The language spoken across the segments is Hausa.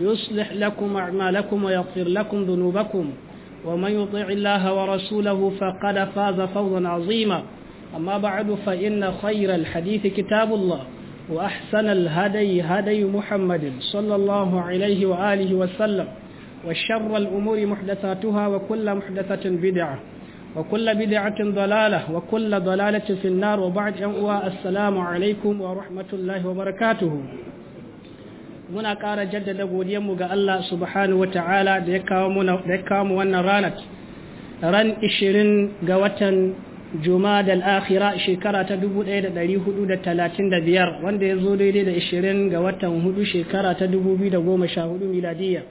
يصلح لكم أعمالكم ويغفر لكم ذنوبكم ومن يطع الله ورسوله فقد فاز فوزا عظيما أما بعد فإن خير الحديث كتاب الله وأحسن الهدي هدي محمد صلى الله عليه وآله وسلم وشر الأمور محدثاتها وكل محدثة بدعة وكل بدعة ضلالة وكل ضلالة في النار وبعد السلام عليكم ورحمة الله وبركاته muna ƙara jaddada godiyanmu ga Allah subhanahu wa ta'ala da ya kawo mu wannan ranar ran 20 ga watan juma'a akhira shekara ta 1435 wanda ya zo daidai da 20 ga watan hudu shekara ta 2014 miladiyya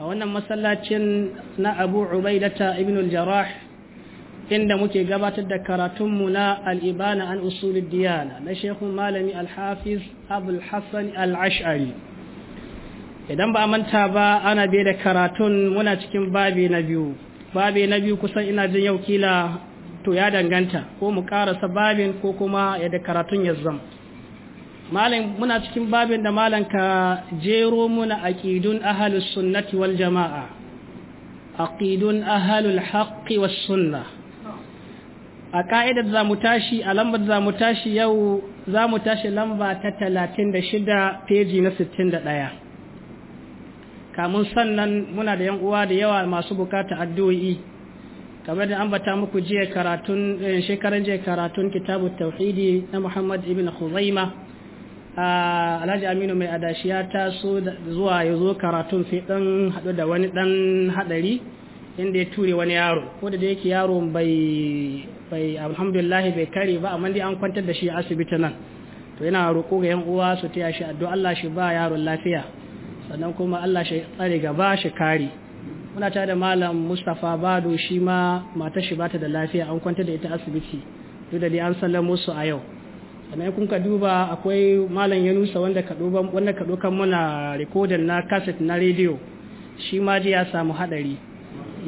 a wannan masallacin na abu ubaidata ibn al-jarrah inda muke gabatar da karatunmu na al'ibana an usulul diyana na shekun malami alhafiz abul hassan ash'ari idan ba manta ba ana biye da karatun muna cikin babi na biyu babi na biyu kusan ina jin yau kila to ya danganta ko mu karasa babin ko kuma yadda karatun ya zama malam muna cikin babin da malam ka jero muna aqidun ahlus sunnati wal jamaa aqidun ahlul haqqi was sunnah a ka'idar za mu tashi a lambar za mu tashi yau za mu tashi lamba ta 36 peji na 61 kamun sannan muna da yan uwa da yawa masu bukata addu'o'i kamar da bata muku jiya karatun eh, shekaran jiya karatun kitabu tauhidi na Muhammad ibn Khuzaima ah, Alhaji Aminu mai adashi ya taso zuwa ya zo karatun sai dan hadu da wani dan hadari inda ya ture wani yaro ko da yake yaro bai bai alhamdulillah bai kare ba amma dai an kwantar da shi a asibiti nan to yana roko ga yan uwa su taya shi addu'a Allah shi ba yaron lafiya sannan kuma Allah shi tsare gaba shi kare muna ta da malam Mustapha Bado shi ma mata shi bata da lafiya an kwanta da ita asibiti duk da an sallamo su a yau sannan kun ka duba akwai malam ya wanda ka duban wanda ka dukan muna recording na kaset na rediyo. shi ma ji ya samu hadari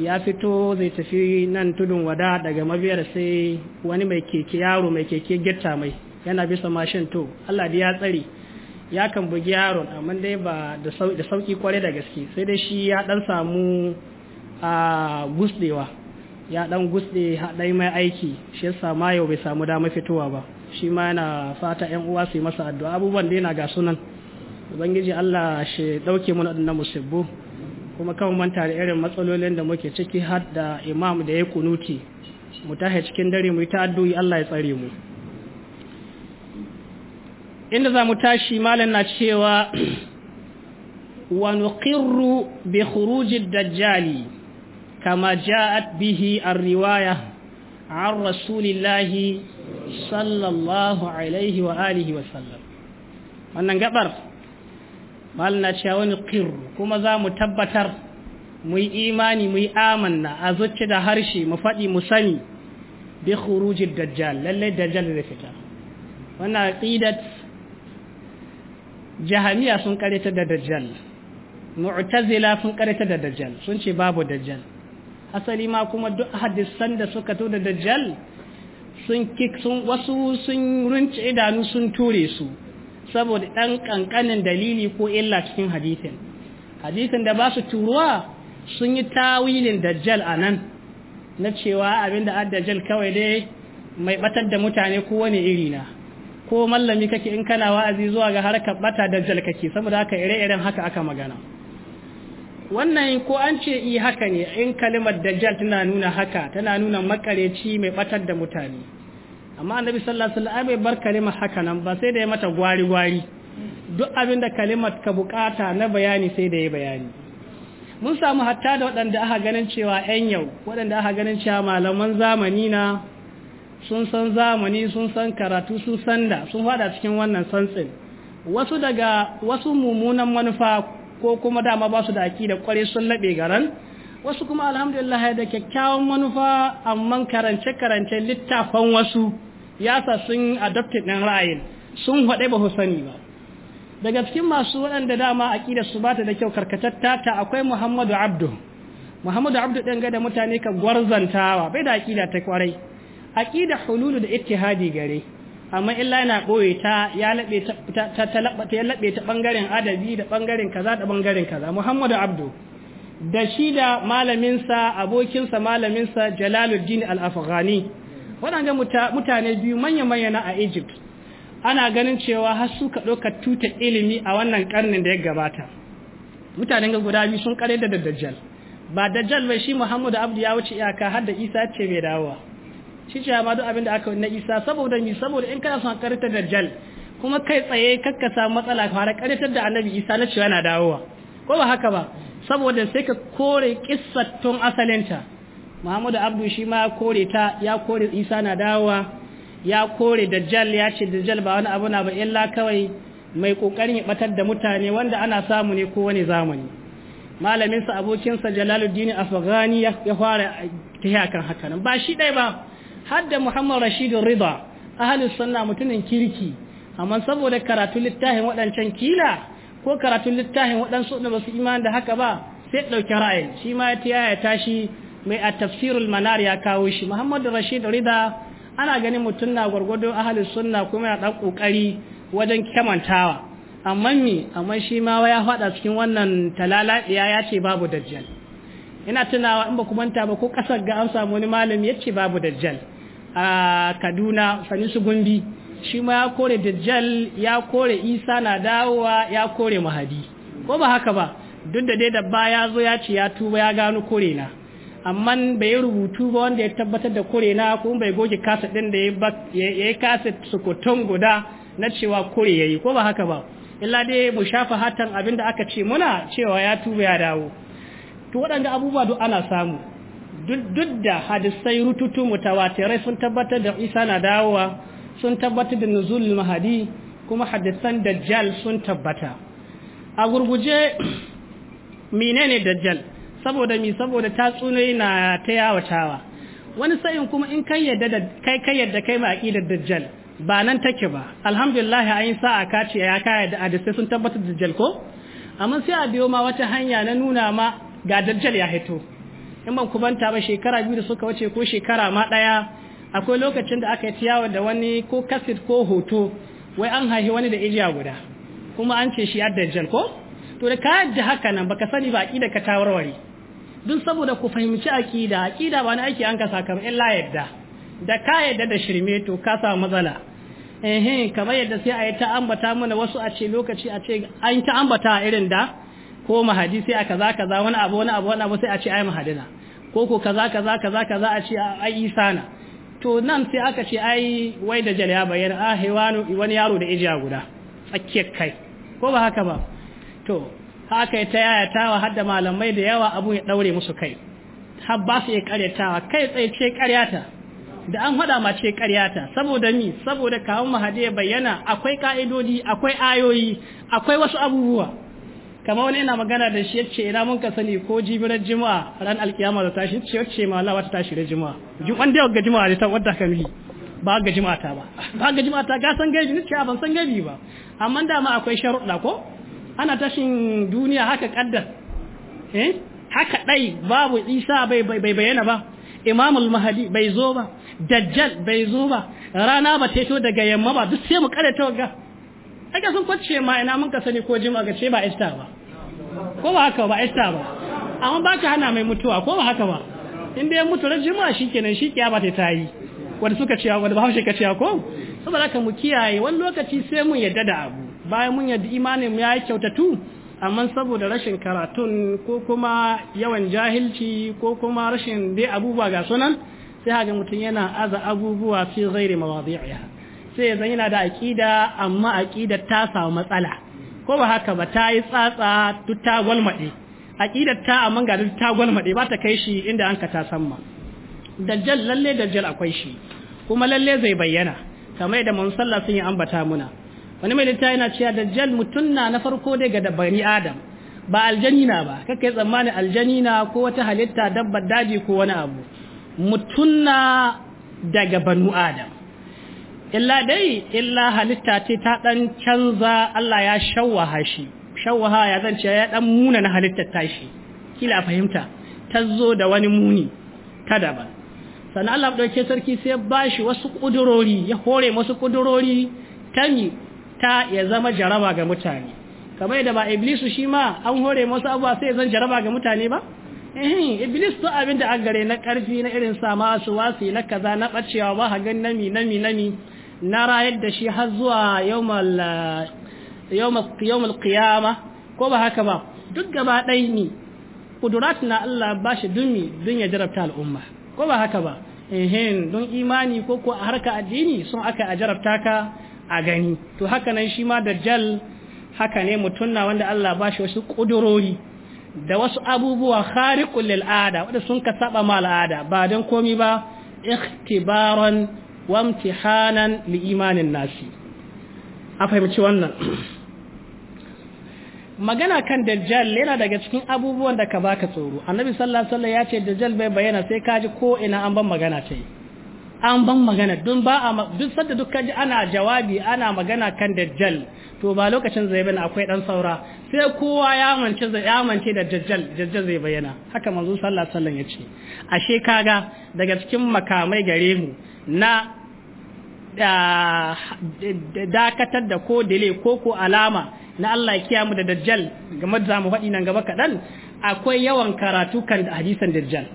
ya fito zai tafi nan tudun wada daga mabiyar sai wani mai keke yaro mai keke getta mai yana bisa mashin to Allah da ya tsare ya kan bugi yaron amma dai ba da sauki kware da gaske sai dai shi ya dan samu a gusdewa ya dan gusde haɗai mai aiki shi yasa ma yau bai samu dama fitowa ba shi ma yana fata yan uwa su yi masa addu'a abubuwan da yana ga sunan ubangiji Allah shi dauke mu waɗannan musibbu kuma kan manta da irin matsalolin da muke ciki har da imam da ya kunuti mu tahe cikin dare mu yi ta addu'i Allah ya tsare mu inda za mu tashi malam na cewa wa nuqirru bi khuruji dajjali kama ja'at bihi ar-riwaya an rasulillahi sallallahu alaihi wa alihi wa sallam wannan gabar malam na cewa wani qirru kuma za mu tabbatar mu yi imani mu yi amanna a zuci da harshe mu faɗi mu sani bi khurujid dajjal lallai dajjal zai fita wannan aqidat jahamiya sun kareta da dajjal mu'tazila sun kareta da dajjal sun ce babu dajjal asali ma kuma duk hadisan da suka to da dajjal sun kik sun wasu sun runce idanu sun ture su saboda dan kankanin dalili ko illa cikin hadisin hadisin da ba su turuwa sun yi tawilin dajjal anan na cewa abinda ad dajjal kawai dai mai batar da mutane ko wani iri na ko mallami kake in kana wa'azi zuwa ga harkar bata da kake saboda haka ire-iren haka aka magana wannan ko an ce i haka ne in kalimar dajjal tana nuna haka tana nuna makareci mai batar da mutane amma annabi sallallahu alaihi wasallam bai bar kalimar haka nan ba sai da ya mata gwari-gwari duk abin da kalimar ka bukata na bayani sai da ya bayani mun samu hatta da waɗanda aka ganin cewa 'yan yau waɗanda aka ganin cewa malaman zamani na sun san zamani sun san karatu sun san da sun fada cikin wannan santsin wasu daga wasu mummunan manufa ko kuma dama ba su da da kware sun laɓe garan wasu kuma alhamdulillah da kyakkyawan manufa amma karance-karance littafan wasu ya sa sun adopted din ra'ayin sun haɗe ba sani ba daga cikin masu waɗanda dama aƙidar su bata da kyau karkatatta ta akwai muhammadu abdu muhammadu abdu ɗin ga da mutane ka gwarzantawa bai da aƙida ta kwarai aqida hululu da ittihadi gare amma illa yana boye ta ya labe ta ta ta labe ta bangaren adabi da bangaren kaza da bangaren kaza Muhammadu Abdu da shi da malamin sa abokin sa malamin sa Jalaluddin Al-Afghani waɗannan mutane biyu manya manya na a Egypt ana ganin cewa har suka ɗauka tuta ilimi a wannan karnin da ya gabata mutanen ga guda biyu sun kare da Dajjal ba Dajjal bai shi Muhammadu Abdu ya wuce iyaka har da Isa ce bai dawowa shi ce ma duk abin da aka na isa saboda ni saboda in kana son karita dajjal kuma kai tsaye kakka samu matsala fara karitar da annabi isa na cewa yana dawowa ko ba haka ba saboda sai ka kore tun asalinta muhammadu abdu shi ma kore ta ya kore isa na dawowa ya kore dajjal ya ce dajjal ba wani abu na ba illa kawai mai kokarin ya batar da mutane wanda ana samu ne ko wani zamani malaminsa abokinsa jalaluddin afghani ya fara ta kan haka nan ba shi ɗaya ba hadda Muhammad Rashidu Rida ahalin sunna mutumin kirki amma saboda karatu littafin waɗancan kila ko karatu littafin waɗansu da basu imani da haka ba sai ɗauki ra'ayi shi ma ya ya tashi mai a tafsirul manar ya kawo shi Muhammad Rashid Rida ana ganin mutum na gwargwado ahalin sunna kuma ya ɗan ƙoƙari wajen kyamantawa amma mi amma shi ma ya faɗa cikin wannan talala ya ce babu dajjal ina tunawa in ba ku manta ba ko kasar ga an samu wani malami ya ce babu dajjal a kaduna su gumbi shi ma ya kore dajjal ya kore isa na dawowa ya kore mahadi ko ba haka ba duk da dai dabba ya zo ya ce ya tuba ya gano kore na amma bai rubutu ba wanda ya tabbatar da kore na kuma bai goge kaset din da ya yi kaset sukuton guda na cewa kore ya yi ko ba haka ba illa dai mu shafa hatan abin da aka ce muna cewa ya tuba ya dawo to waɗanda abubuwa duk ana samu duk da hadisai rututu mutawatirai sun tabbatar da isa na dawowa sun tabbatar da nuzul mahadi kuma hadisan dajjal sun tabbata a gurguje menene dajjal saboda mi saboda tatsunoyi na ta yawatawa wani sayin kuma in kai yadda da kai kai yadda kai dajjal ba nan take ba alhamdulillah yin sa'a ka ya kai da adisai sun tabbatar da dajjal ko amma sai a biyo ma wata hanya na nuna ma ga dajjal ya hito in ban kubanta ba shekara biyu da suka wuce ko shekara ma ɗaya akwai lokacin da aka yi tiyawa da wani ko kasit ko hoto wai an haihi wani da ijiya guda kuma an ce shi addajjal ko to da ka yadda haka nan baka sani ba aƙida ka ta warware duk saboda ku fahimci aƙida aƙida ba na aiki an ka sakamakon illa yadda da ka yadda da shirme to ka samu matsala ehe kamar yadda sai a yi ta ambata mana wasu a ce lokaci a ce an ta ambata irin da ko mahadi sai a kaza kaza wani abu wani abu wani abu sai a ce ai mahadina ko ko kaza kaza kaza kaza a ce ai isana to nan sai aka ce ai wai da jala bayar a ah, haiwanu wani yaro da ijiya guda tsakiyar kai ko ba haka ba to haka ta yaya tawa, hadda malamai da yawa abu ya daure musu kai har ba su iya karyatawa kai tsaye ce karyata da an haɗa ma ce karyata saboda ni saboda kawun mahadi ya bayyana akwai ka'idodi akwai ayoyi akwai wasu abubuwa kama wani ina magana da shi yace ina mun ka sani ko jibirar juma'a ran alkiyama da tashi yace yace ma Allah wata tashi da juma'a jin wanda ga juma'a ne ta wadda ka yi ba ga juma'a ta ba ba ga juma'a ta ga san gaibi ne ban san gaibi ba amma da ma akwai sharuɗa ko ana tashin duniya haka kaddar eh haka dai babu Isa bai bai bayyana ba Imamul Mahdi bai zo ba Dajjal bai zo ba rana ba ta daga yamma ba duk sai mu kare ta ga ake sun kwace ma ina mun ka sani ko jima ga ce ba ista ba ko ba haka ba ista ba amma ba ka hana mai mutuwa ko ba haka ba in dai mutu ran jima shikenan shi kiyama ta yi wanda suka ce wanda ba haushe ka ciya ko saboda haka mu kiyaye wani lokaci sai mun yadda da abu bayan mun yadda imanin mu yayi kyautatu amma saboda rashin karatun ko kuma yawan jahilci ko kuma rashin dai abubuwa ga sunan sai haka mutum yana aza abubuwa fi ghairi mawadi'iha sai zan yana da aƙida amma aƙida ta samu matsala ko ba haka ba ta yi tsatsa duk ta gwalmaɗe aƙidar ta amma ga duk ta gwalmaɗe ba ta kai shi inda an ka ta samma dajjal lalle dajjal akwai shi kuma lalle zai bayyana kamar yadda mun sallah sun yi ambata muna wani mai littafi yana cewa dajjal mutum na na farko dai ga bani adam ba aljanina ba kake tsammanin aljanina ko wata halitta dabbar daji ko wani abu mutum na daga banu adam illa dai illa halitta ce ta dan canza Allah ya shawaha shi shawwaha ya zance ya dan muna na halittar tashi kila fahimta tazo da wani muni ta daban sannan Allah dauke sarki sai bashi wasu kudurori ya hore wasu kudurori tani ta ya zama jaraba ga mutane kamar da ba iblisu shi ma an hore musu abuwa sai ya zan jaraba ga mutane ba eh iblis to abinda da an gare na karfi na irin sama su wasi na kaza na bacewa ba ha gan nami nami nami na rayar da shi har zuwa eh, yawmal qiyama ko ba haka ba duk gaba ɗai ni kudurat na Allah ba shi dumi don ya jarabta al'umma ko ba haka ba ehin don imani ko ko a harka addini sun aka a jarabta ka a gani to haka nan shi ma jal haka ne mutum na wanda Allah ba shi wasu kudurori da wasu abubuwa khariqul lil ada wanda sun ka saba ma al'ada ba don komi ba ikhtibaran wa imtihanan li imanin nasi a fahimci wannan magana kan dajjal yana daga cikin abubuwan da ka baka tsoro annabi sallallahu alaihi wasallam ya ce dajjal bai bayyana sai ka ji ko ina an ban magana ta yi an ban magana don ba a duk sanda duk kaji ana jawabi ana magana kan dajjal to ba lokacin zai bayyana akwai dan saura sai kowa ya mance zai ya mance da dajjal dajjal zai bayyana haka manzo sallallahu alaihi wasallam ya ce ashe kaga daga cikin makamai gare mu na dakatar da ko dele ko ko alama na Allah ya kiyamu da dajjal game da zamu faɗi nan gaba kaɗan akwai yawan karatu kan hadisan dajjal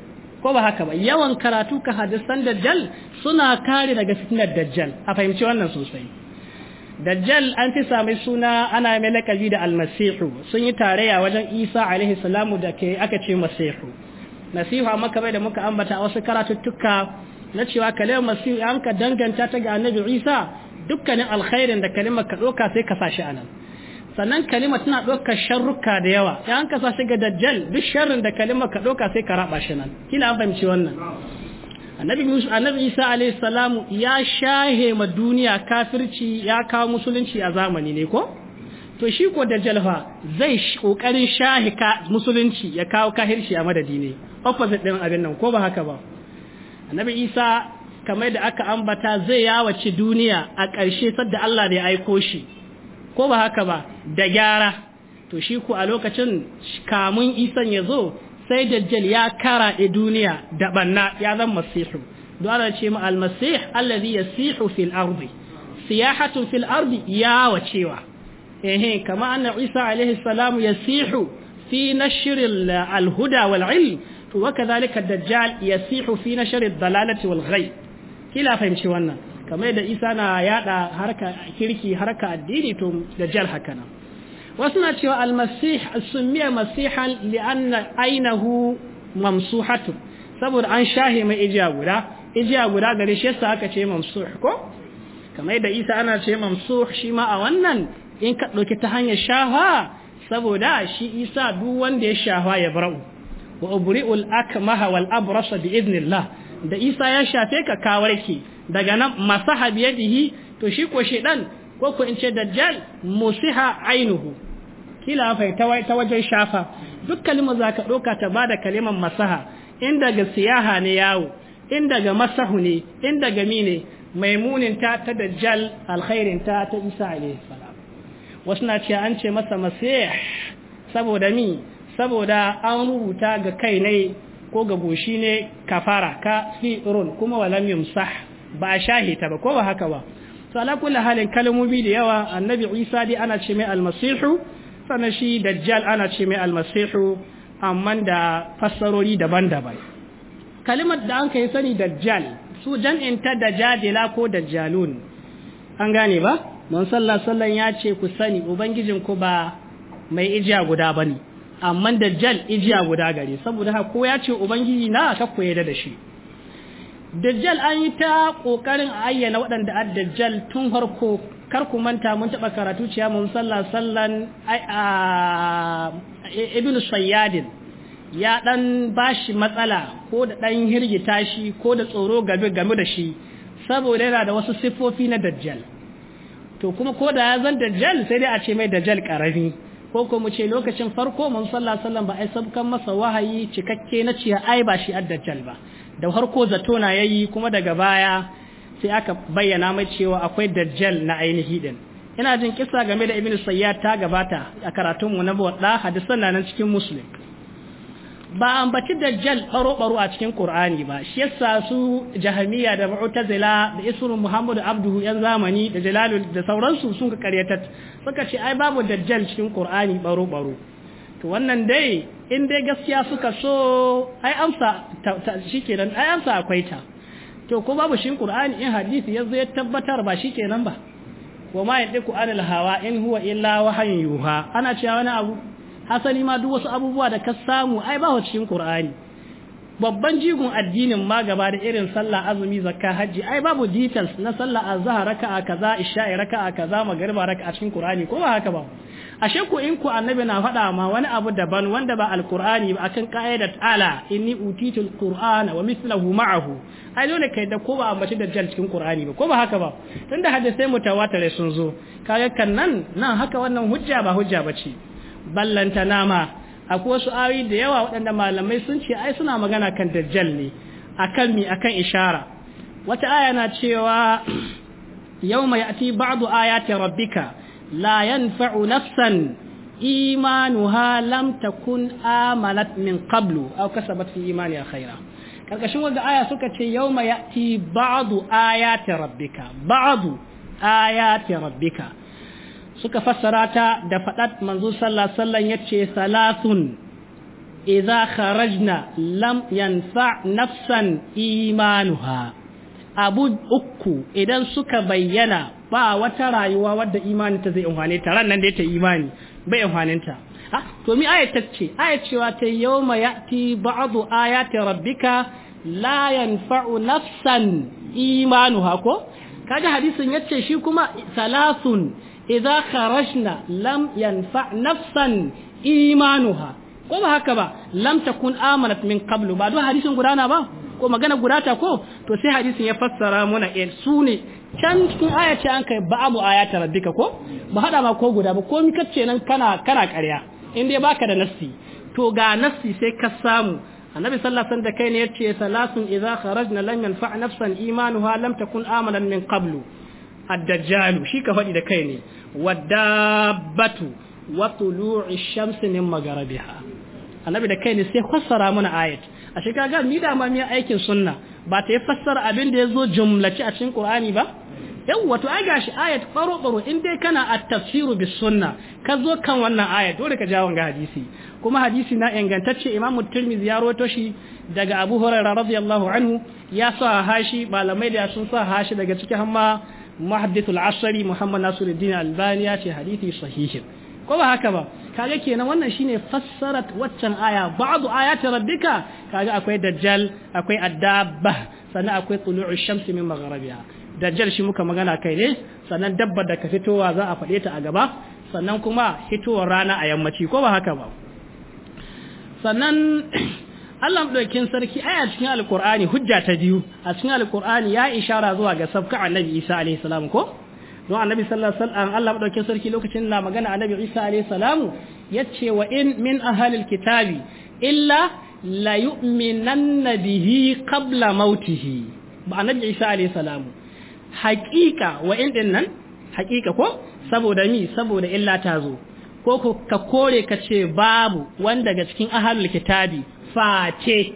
ko ba haka ba yawan karatu ka hadisan dajjal suna kare daga fitinar dajjal a fahimci wannan sosai dajjal an fi sami suna ana mai lakabi da almasihu sun yi tarayya wajen isa alaihi salamu da ke aka ce masihu nasiha amma bai da muka ambata a wasu karatuttuka na cewa kalimar masihu an ka danganta ta ga annabi isa dukkanin alkhairin da kalimar ka ɗauka sai ka sashi a nan sannan kalimar tana ɗaukar sharruka da yawa ya an sashi ga dajjal duk sharrin da kalimar ka ɗauka sai ka raba shi nan kila an fahimci wannan annabi annabi isa alayhi salamu ya shahe ma duniya kafirci ya kawo musulunci a zamani ne ko to shi ko dajjal fa zai kokarin shahe musulunci ya kawo kahirci a madadi ne opposite din abin nan ko ba haka ba annabi isa kamar da aka ambata zai yawace duniya a ƙarshe sadda Allah da ya aiko shi ko ba haka ba da gyara to shi ku a lokacin kamun isan ya zo sai dajjal ya karaɗe duniya da banna ya zan masihu don ce ma almasih allazi yasihu fil ardi siyahatun fil ardi yawacewa ehe kama anna isa alaihi ya yasihu fi nashril alhuda wal ilm to wa kadhalika ya yasihu fi nashr ad-dalalati wal ghay kila fahimci wannan kama da Isa na yada harka kirki harka addini to dajjal haka wasu na cewa al-masih sumiya masihan li'anna ainahu mamsuhatu saboda an shahe mai ijiya guda ijiya guda gare shi yasa aka ce mamsuh ko kama da Isa ana ce mamsuh shi ma a wannan in ka ɗauki ta hanyar shafa saboda shi Isa duk wanda ya shafa ya bara'u wa ubri'ul akmaha wal abrasa bi idnillah da isa ya shafe ka kawarki daga nan masaha biyadihi to shi ko shedan ko ko in ce dajjal musiha ainuhu kila ta wajen shafa duk za zaka doka ta bada kalimar masaha in daga siyaha ne yawo in daga masahu ne in daga mine maimunin ta ta dajjal alkhairin ta ta isa alaihi salam wasu na ce an ce masa masih saboda mi saboda an rubuta ga kai ne ko ga goshi ne kafara ka fi irin kuma walam yumsah ba a shahita ba ko ba haka ba to ala kulli halin kalmomi da yawa annabi Isa dai ana ce mai almasihu sannan shi dajjal ana ce mai almasihu amma da fassarori daban-daban kalimar da an kai sani dajjal su jan'in ta dajjadila ko dajjalun an gane ba mun sallah sallan ya ce ku sani ubangijin ku ba mai ijiya guda bane amma dajjal ijiya guda gare saboda haka ko ya ce ubangiji na ka ku da shi dajjal an yi ta kokarin ayyana waɗanda a dajjal tun harko kar ku manta mun taɓa karatu ciya mun sallah sallan ibn shayyadin ya ɗan bashi matsala ko da ɗan hirgita shi ko da tsoro game game da shi saboda yana da wasu siffofi na dajjal to kuma ko da ya zan dajjal sai dai a ce mai dajjal ƙarami ko ko mu ce lokacin farko mun sallah sallan ba ai sabkan masa wahayi cikakke na ciya ai ba shi addajjal ba da farko zato na yayi kuma daga baya sai aka bayyana mai cewa akwai dajjal na ainihi din ina jin kisa game da ibnu sayyad ta gabata a karatunmu na bawda hadisan nan cikin muslim ba ambaci dajjal faro baro a cikin qur'ani ba shi yasa su jahamiya da mu'tazila da isru muhammadu abduhu yan zamani da jalalul da sauransu sun ka karyatar suka ce ai babu dajjal cikin qur'ani baro baro to wannan dai in dai gaskiya suka so ai amsa shikenan ai amsa akwai ta to ko babu shin qur'ani in hadisi yazo ya tabbatar ba shikenan ba wa ma yadiku anil hawa in huwa illa wahyun yuha ana cewa wani abu hasali ma duk wasu abubuwa da ka samu ai ba cikin qur'ani babban jigon addinin ma gaba da irin sallah azumi zakka hajji ai babu details na sallah azhar raka'a kaza isha'i raka'a kaza magriba raka'a cikin qur'ani ko ba haka ba ashe ku in ku annabi na faɗa ma wani abu daban wanda ba alqur'ani ba akan qa'idat ala inni utitul qur'ana wa mithluhu ma'ahu ai dole kai da ko ba ambaci dajjal cikin qur'ani ba ko ba haka ba tunda hadisai mutawatire sun zo kaga kan nan nan haka wannan hujja ba hujja bace ballanta nama akwai wasu ayoyi da yawa waɗanda malamai sun ce ai suna magana kan dajjal ne akan mi akan ishara wata aya na cewa yawma ya'ti ba'du ayati rabbika la yanfa'u nafsan ha lam takun amanat min qablu au kasabat fi imaniha khaira karkashin wanda aya suka ce yawma ya'ti aya ayati rabbika aya ayati rabbika suka fassara ta da faɗat manzo sallallahu alaihi wasallam yace salasun idza kharajna lam yanfa nafsan imanuha abu uku idan suka bayyana ba wata rayuwa wadda imani ta zai amfane ta ran nan da ta imani bai amfaninta ha ah, to mi ayat ta ce ayat cewa ta yawma yati ba'du ayati rabbika la yanfa'u nafsan imanuha ko kaga hadisin yace shi kuma salasun idza kharajna lam yanfa nafsan imanuha ko ba haka ba lam takun amanat min qablu ba duk hadisin gudana ba ko magana gudata ko to sai hadisin ya fassara muna in Sune can cikin aya an kai babu ayata rabbika ko ba hada ma ko guda ba ko mika ce nan kana kana ƙarya in dai baka da nassi to ga nassi sai ka samu annabi sallallahu alaihi wasallam da kai ne yace salasun idza kharajna lam yanfa nafsan imanuha lam takun amalan min qablu ad-dajjalu shi ka faɗi da kai ne wadabbatu wa shamsi min magharibiha annabi da kai ne sai fassara mana ayat a shi kaga ni da ma aikin sunna ba ta yi fassara abin da zo jumlaci a cikin qur'ani ba Yau wato ai gashi ayat faro faro in dai kana at-tafsiru bis sunna ka zo kan wannan ayat dole ka jawo ga hadisi kuma hadisi na ingantacce imamu tirmidhi ya shi daga abu hurairah radiyallahu anhu ya sa hashi malamai da sun sa hashi daga cikin hamma muhaddithul asari muhammad nasiruddin albani ya ce hadisi sahihin ko ba haka ba kaga kenan wannan shine fassarat waccan aya ba'du ayati rabbika kaga akwai dajjal akwai addabba sannan akwai tulu'u shamsi min magharibiha dajjal shi muka magana kai ne sannan dabba da ka fitowa za a faɗe ta a gaba sannan kuma hitowar rana a yammaci ko ba haka ba sannan Allah ɗaukin sarki Aya, a cikin Alƙur'ani hujja ta biyu a cikin Alƙur'ani ya ishara zuwa ga sabka annabi Isa alaihi salam ko don annabi sallallahu alaihi wasallam Allah ɗaukin sarki lokacin na magana annabi Isa alaihi salam yace wa in min ahlil kitabi illa la yu'minanna bihi qabla mautihi ba annabi Isa alaihi salam haqiqa wa in din nan haqiqa ko saboda mi saboda illa ta zo ko ka kore ka ce babu wanda daga cikin ahlul kitabi face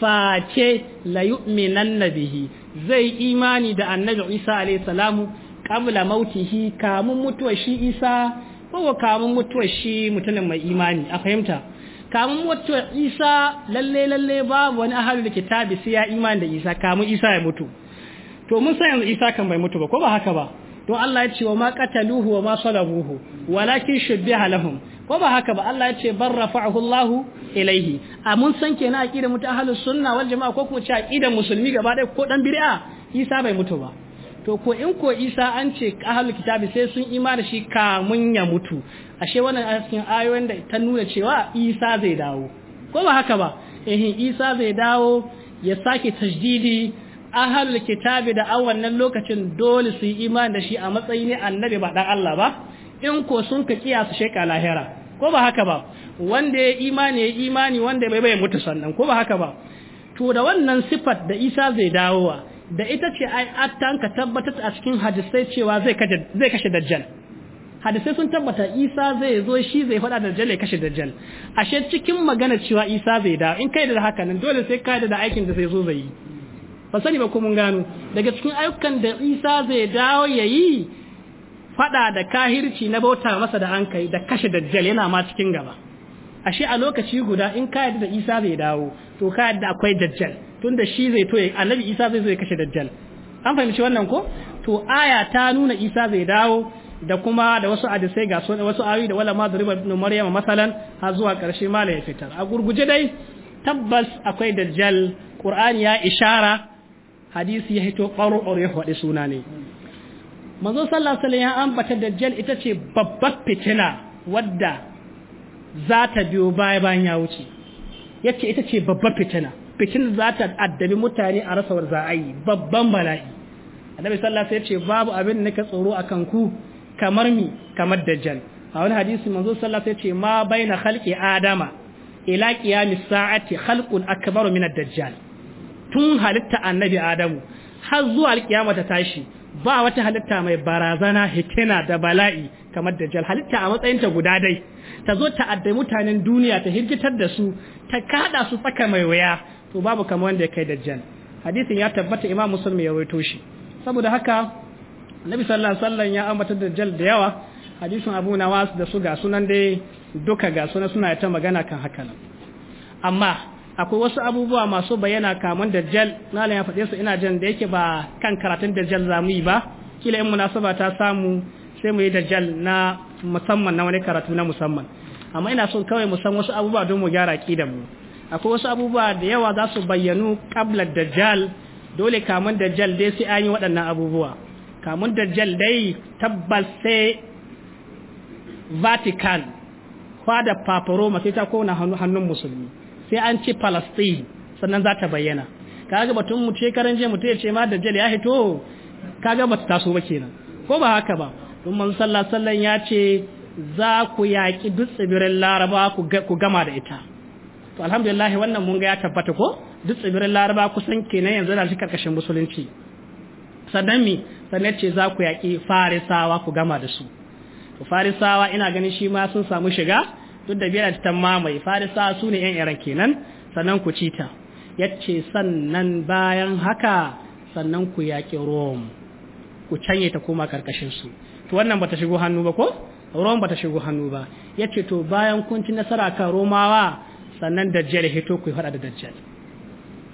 face la yu'minanna bihi zai imani da annabi Isa alayhi salamu qabla mautihi kamun mutuwar shi Isa ko kamun mutuwar shi mutumin mai imani a fahimta kamun mutuwar Isa lalle lalle babu wani ahlul kitabi sai ya imani da Isa kamun Isa ya mutu to mun san yanzu Isa kan bai mutu ba ko ba haka ba to Allah ya ce wa ma qataluhu wa ma salabuhu walakin shubbiha lahum ko ba haka ba Allah ya ce bar rafa'ahu Allah ilaihi a mun san kenan aqidar mutu sunna wal jama'a ko kuma ce aqidar musulmi gaba dai ko dan bid'a Isa bai mutu ba to ko in ko Isa an ce ahlul kitabi sai sun imani shi ka mun ya mutu ashe wannan askin ayoyin da ta nuna cewa Isa zai dawo ko ba haka ba eh Isa zai dawo ya sake tajdidi ahlul kitabi da awannan lokacin dole su yi imani da shi a matsayin annabi ba dan Allah ba in ko sun ka kiya su sheka lahira ko ba haka ba wanda ya imani ya imani wanda bai bai mutu sannan ko ba haka ba to da wannan sifat da Isa zai wa da ita ce ai ka tabbatar a cikin hadisai cewa zai kashe zai kashe dajjal hadisai sun tabbata Isa zai zo shi zai faɗa dajjal ya kashe dajjal ashe cikin magana cewa Isa zai dawo in kai da haka nan dole sai kai da aikin da zai zo zai yi ba sani ba ko mun gano daga cikin ayyukan da Isa zai dawo yayi Faɗa da kahirci na bauta masa da an kai da kashe dajjal yana ma cikin gaba ashe a lokaci guda in ka yadda da isa zai dawo to ka yadda akwai dajjal tunda shi zai toye, annabi isa zai zo kashe dajjal an fahimci wannan ko to aya ta nuna isa zai dawo da kuma da wasu adisai ga sun wasu ayoyi da wala ma da ribar maryama masalan har zuwa karshe mala ya fitar a gurguje dai tabbas akwai dajjal qur'ani ya ishara hadisi ya hito ƙwaro ya faɗi suna ne manzo sallallahu alaihi ya ambata dajjal ita ce babbar fitina wadda za ta biyo baya bayan ya wuce yace ita ce babbar fitina fitin za ta addabi mutane a rasawar za'ayi babban bala'i annabi sallallahu alaihi ya ce babu abin da tsoro akan ku kamar mi kamar dajjal a wani hadisi manzo sallallahu alaihi ya ce ma baina khalqi adama ila qiyamis sa'ati khalqun akbaru min ad-dajjal tun halitta annabi adamu har zuwa alkiyama ta tashi ba wata halitta mai barazana hikina da bala'i kamar da jal halitta a matsayinta guda dai ta zo ta addai mutanen duniya ta hirgitar da su ta kada su tsaka mai wuya to babu kamar wanda ya kai da dajjal hadisin ya tabbata imam muslim ya rawaito shi saboda haka nabi sallallahu alaihi wasallam ya ambata jal da yawa hadisin abu nawas da su ga sunan dai duka ga sunan suna ta magana kan haka amma akwai wasu abubuwa masu bayyana kamun dajjal na ya faɗe su ina jan da yake ba kan karatun dajjal za mu yi ba kila in munasaba ta samu sai mu yi jal na musamman na wani karatu na musamman amma ina so kawai mu san wasu abubuwa don mu gyara kidan mu akwai wasu abubuwa da yawa za su bayyanu kabla jal. dole kamun dajjal dai sai an yi waɗannan abubuwa kamun jal dai tabbas sai vatican kwada paparoma sai ta kona hannun musulmi sai an ci Palestine sannan za ta bayyana kaga batun mu ce karan je mu ya ce ma da jali ya hito kaga ba ta taso ba kenan ko ba haka ba tun man sallah sallan ya ce za ku yaƙi duk tsibirin Laraba ku gama da ita to alhamdulillah wannan mun ga ya tabbata ko duk tsibirin Laraba kusan kenan yanzu da shi karkashin musulunci sannan mi sannan ce za ku yaƙi farisawa ku gama da su to farisawa ina ganin shi ma sun samu shiga duk da biyar ta mamaye farisa su ne yan iran kenan sannan ku ci ta yace sannan bayan haka sannan ku yaƙi rom ku canye ta koma karkashin su to wannan bata shigo hannu ba ko rom bata shigo hannu ba yace to bayan kun ci nasara kan romawa sannan dajjal hito ku faɗa da dajjal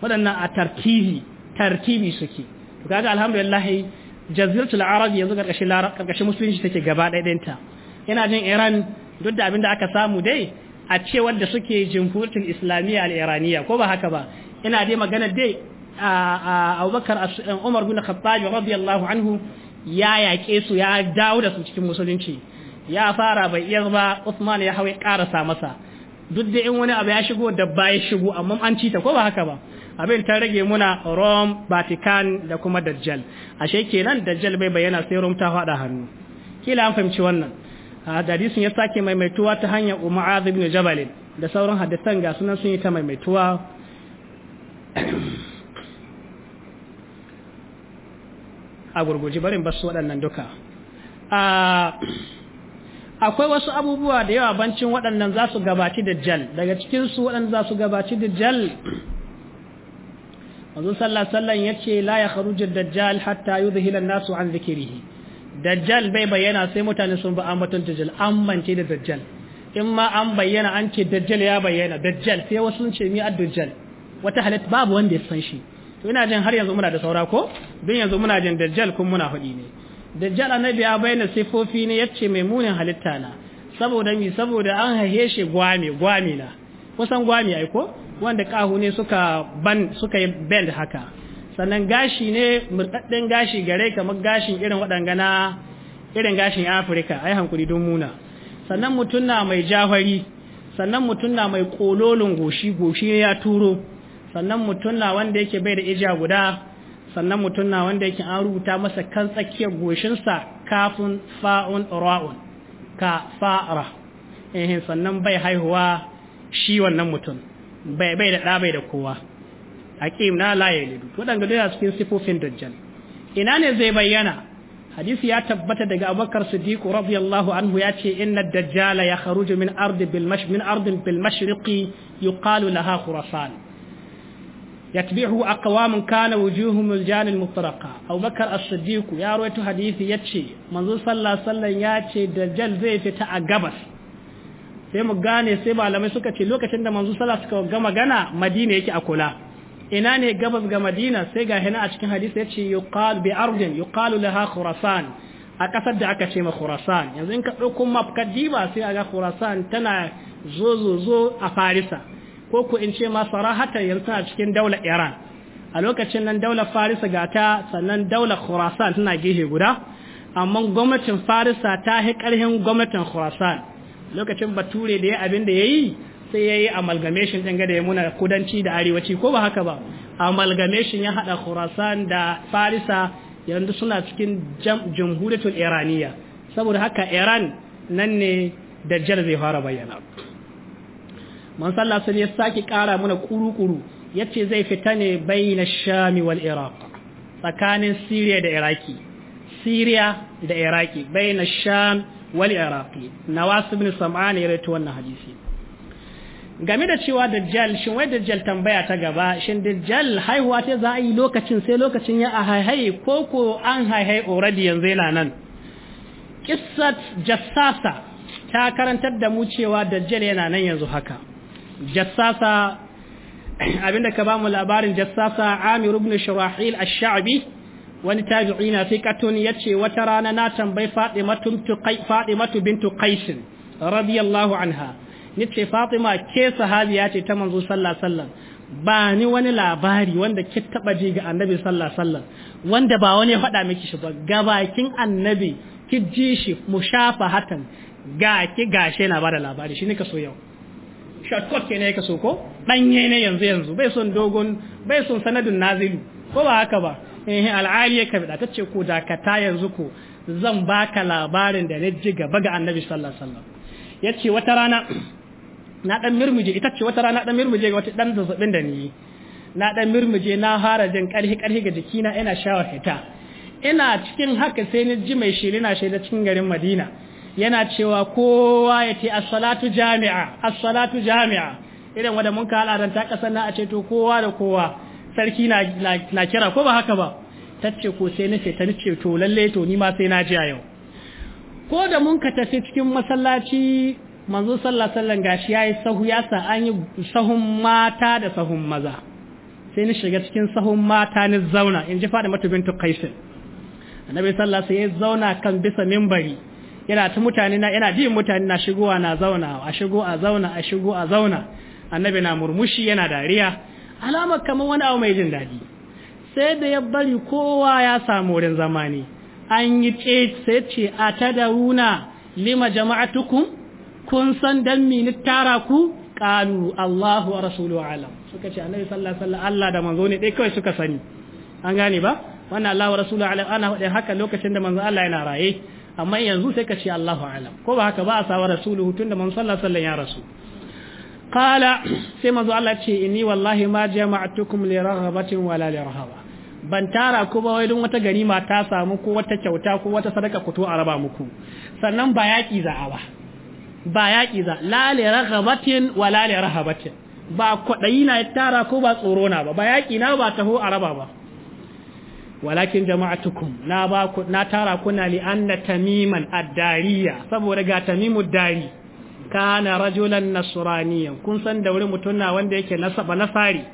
waɗannan a tartibi tartibi suke to kaga alhamdulillah jaziratul arab yanzu karkashin musulunci take gaba ɗaya ɗinta yana jin iran duk da abin da aka samu dai a ce wanda suke furtin islamiyya al ko ba haka ba ina dai magana dai Abubakar Umar bin Khattab radiyallahu anhu ya yaƙe su ya dawo da su cikin musulunci ya fara bai iya ba Usman ya hawaye karasa masa duk da in wani abu ya shigo da ba ya shigo amma an cita ko ba haka ba abin ta rage muna Rome Vatican da kuma Dajjal ashe kenan Dajjal bai bayyana sai Rome ta faɗa hannu kila an fahimci wannan hadisin ya sake maimaituwa ta hanyar Mu'adh bin jabalin da sauran hadisan ga sunan sun yi ta maimaituwa a gurguji barin basu waɗannan duka akwai wasu abubuwa da yawa bancin waɗannan za su gabaci da jal daga cikinsu waɗanda za su gabaci da jal wanzu sallah sallan ya ce la ya da jal hatta yuzhila nasu an zikirihi dajjal bai bayyana sai mutane sun ba ambaton dajjal an mance da dajjal in ma an bayyana an ce dajjal ya bayyana dajjal sai wasu sun ce mi ad dajjal wata halitta babu wanda ya san shi to ina jin har yanzu muna da saura ko dan yanzu muna jin dajjal kun muna hudi ne dajjal annabi ya bayyana sifofi ne yace mai munin halitta na saboda mi saboda an haihe shi gwame gwame na kusan gwami ai ko wanda kahu ne suka ban suka yi bend haka sannan gashi ne murɗaɗɗen gashi gare kamar gashin irin waɗanga na irin gashin afirka ai hankuri don muna sannan mutum na mai jahari sannan mutum na mai ƙololin goshi goshi ya turo sannan mutum na wanda yake bai da ija guda sannan mutum na wanda yake an rubuta masa kan tsakiyar goshinsa kafin fa'un ra'un ka fa'ara sannan bai haihuwa shi wannan mutum Bai bai da ɗa bai da kowa aqim na la yalidu to cikin sifofin dajjal ina ne zai bayyana hadisi ya tabbata daga Abubakar Siddiq radiyallahu anhu ya ce inna dajjala ya kharuju min ardi bil mash min ardin bil mashriqi yuqalu laha khurasan yatbi'u aqwamun kana wujuhum al jan al mutraqa Abubakar As-Siddiq ya rawaito hadisi yace manzo sallallahu alaihi wasallam ya ce dajjal zai fita a gabas sai mu gane sai malamai suka ce lokacin da manzo sallallahu alaihi wasallam suka ga magana Madina yake a kula ina ne gabas ga madina sai ga hina a cikin hadisi ya ce yuqal bi ardin yuqalu laha khurasan a kasar da aka ce ma khurasan yanzu in ka ɗauko map ka diba sai aga khurasan tana zo zo zo a farisa ko ku in ce ma sarahata yanzu tana cikin daular iran a lokacin nan daular farisa ga ta sannan daular khurasan tana gehe guda amma gwamnatin farisa ta hi karhin gwamnatin khurasan lokacin bature da ya abin da ya yi sai yi amalgamation ɗin gada ya muna kudanci da arewaci ko ba haka ba amalgamation ya haɗa Khurasan da Farisa yanzu suna cikin jamhuriyar Iraniya saboda haka Iran nan ne da jar zai fara bayyana man sallah sun ya sake kara muna kuru ya ce zai fita ne na shami wal Iraq tsakanin Syria da Iraki Syria da Iraki bayna Sham wal na wasu bin sam'ani ya rawaito wannan hadisi game da cewa dajjal shin wai dajjal tambaya ta gaba shin dajjal haihuwa ta za a yi lokacin sai lokacin ya a haihai ko ko an haihai already yanzu yana nan kissat jassasa ta karantar da mu cewa dajjal yana nan yanzu haka jassasa abinda ka bamu labarin jassasa amir ibn shurahil ash-sha'bi wani tabi'i na fiqatun yace wata rana na tambayi fatimatu bintu qais radiyallahu anha ce Fatima ke sahabiya ce ta manzo sallallahu alaihi wasallam ba ni wani labari wanda ki taba ji ga annabi sallallahu alaihi wasallam wanda ba wani ya faɗa miki shi ba gabakin annabi ki ji shi hatan ga ki gashe na bada labari shi ne ka so yau shortcut ke ne ka so ko Ɗanye ne yanzu yanzu bai son dogon bai son sanadin nazilu ko ba haka ba eh al'aliya ka bida tace ko dakata yanzu ko zan baka labarin da ne ji gaba ga annabi sallallahu alaihi wasallam yace wata rana na dan mirmije ita ce wata rana dan mirmije ga wata dan zazzabin da ni na dan mirmije na fara jin karhi karhi ga jikina ina shawar hita ina cikin haka sai ni ji mai shiri na shaida cikin garin Madina yana cewa kowa ya ce as-salatu jami'a as-salatu jami'a idan wanda mun ka al'adan ta kasar na a ce to kowa da kowa sarki na na kira ko ba haka ba tace ko sai sai ta nace to lalle to ni ma sai na ji yau ko da mun ka tafi cikin masallaci manzo sallallahu alaihi gashi yayi sahu ya sa an yi sahun mata da sahun maza sai ni shiga cikin sahun mata ni zauna in ji mata bintu Qais annabi sallallahu alaihi wasallam zauna kan bisa minbari yana ta mutane na yana jin mutane na shigowa na zauna a shigo a zauna a shigo a zauna annabi na murmushi yana dariya alama kamar wani abu mai jin daɗi sai da ya bari kowa ya samu wurin zamani an yi ce sai ce a tadawuna lima jama'atukum kun san dan mi ni tara ku qalu Allahu wa rasuluhu alam suka ce annabi sallallahu alaihi wasallam Allah da manzo ne dai kawai suka sani an gane ba wannan Allahu wa rasuluhu alam ana da haka lokacin da manzo Allah yana raye amma yanzu sai ka ce Allahu alam ko ba haka ba a sawa rasuluhu tunda manzo sallallahu alaihi wasallam ya rasu qala sai manzo Allah ce inni wallahi ma jama'atukum li raghabatin wala li rahaba ban tara ku ba wai dun wata ganima ta samu ko wata kyauta ko wata sadaka ku to a raba muku sannan ba yaki za ba ba yaƙi za lali rahabatin wa lali rahabatin ba kwaɗayi na tara ko ba tsoro na ba ba yaƙi na ba taho a raba ba walakin jama'atukum na ba na tara kuna li na tamiman addariya saboda ga tamimu dari kana rajulan nasraniyan kun san da wuri mutum na wanda yake nasaba nasari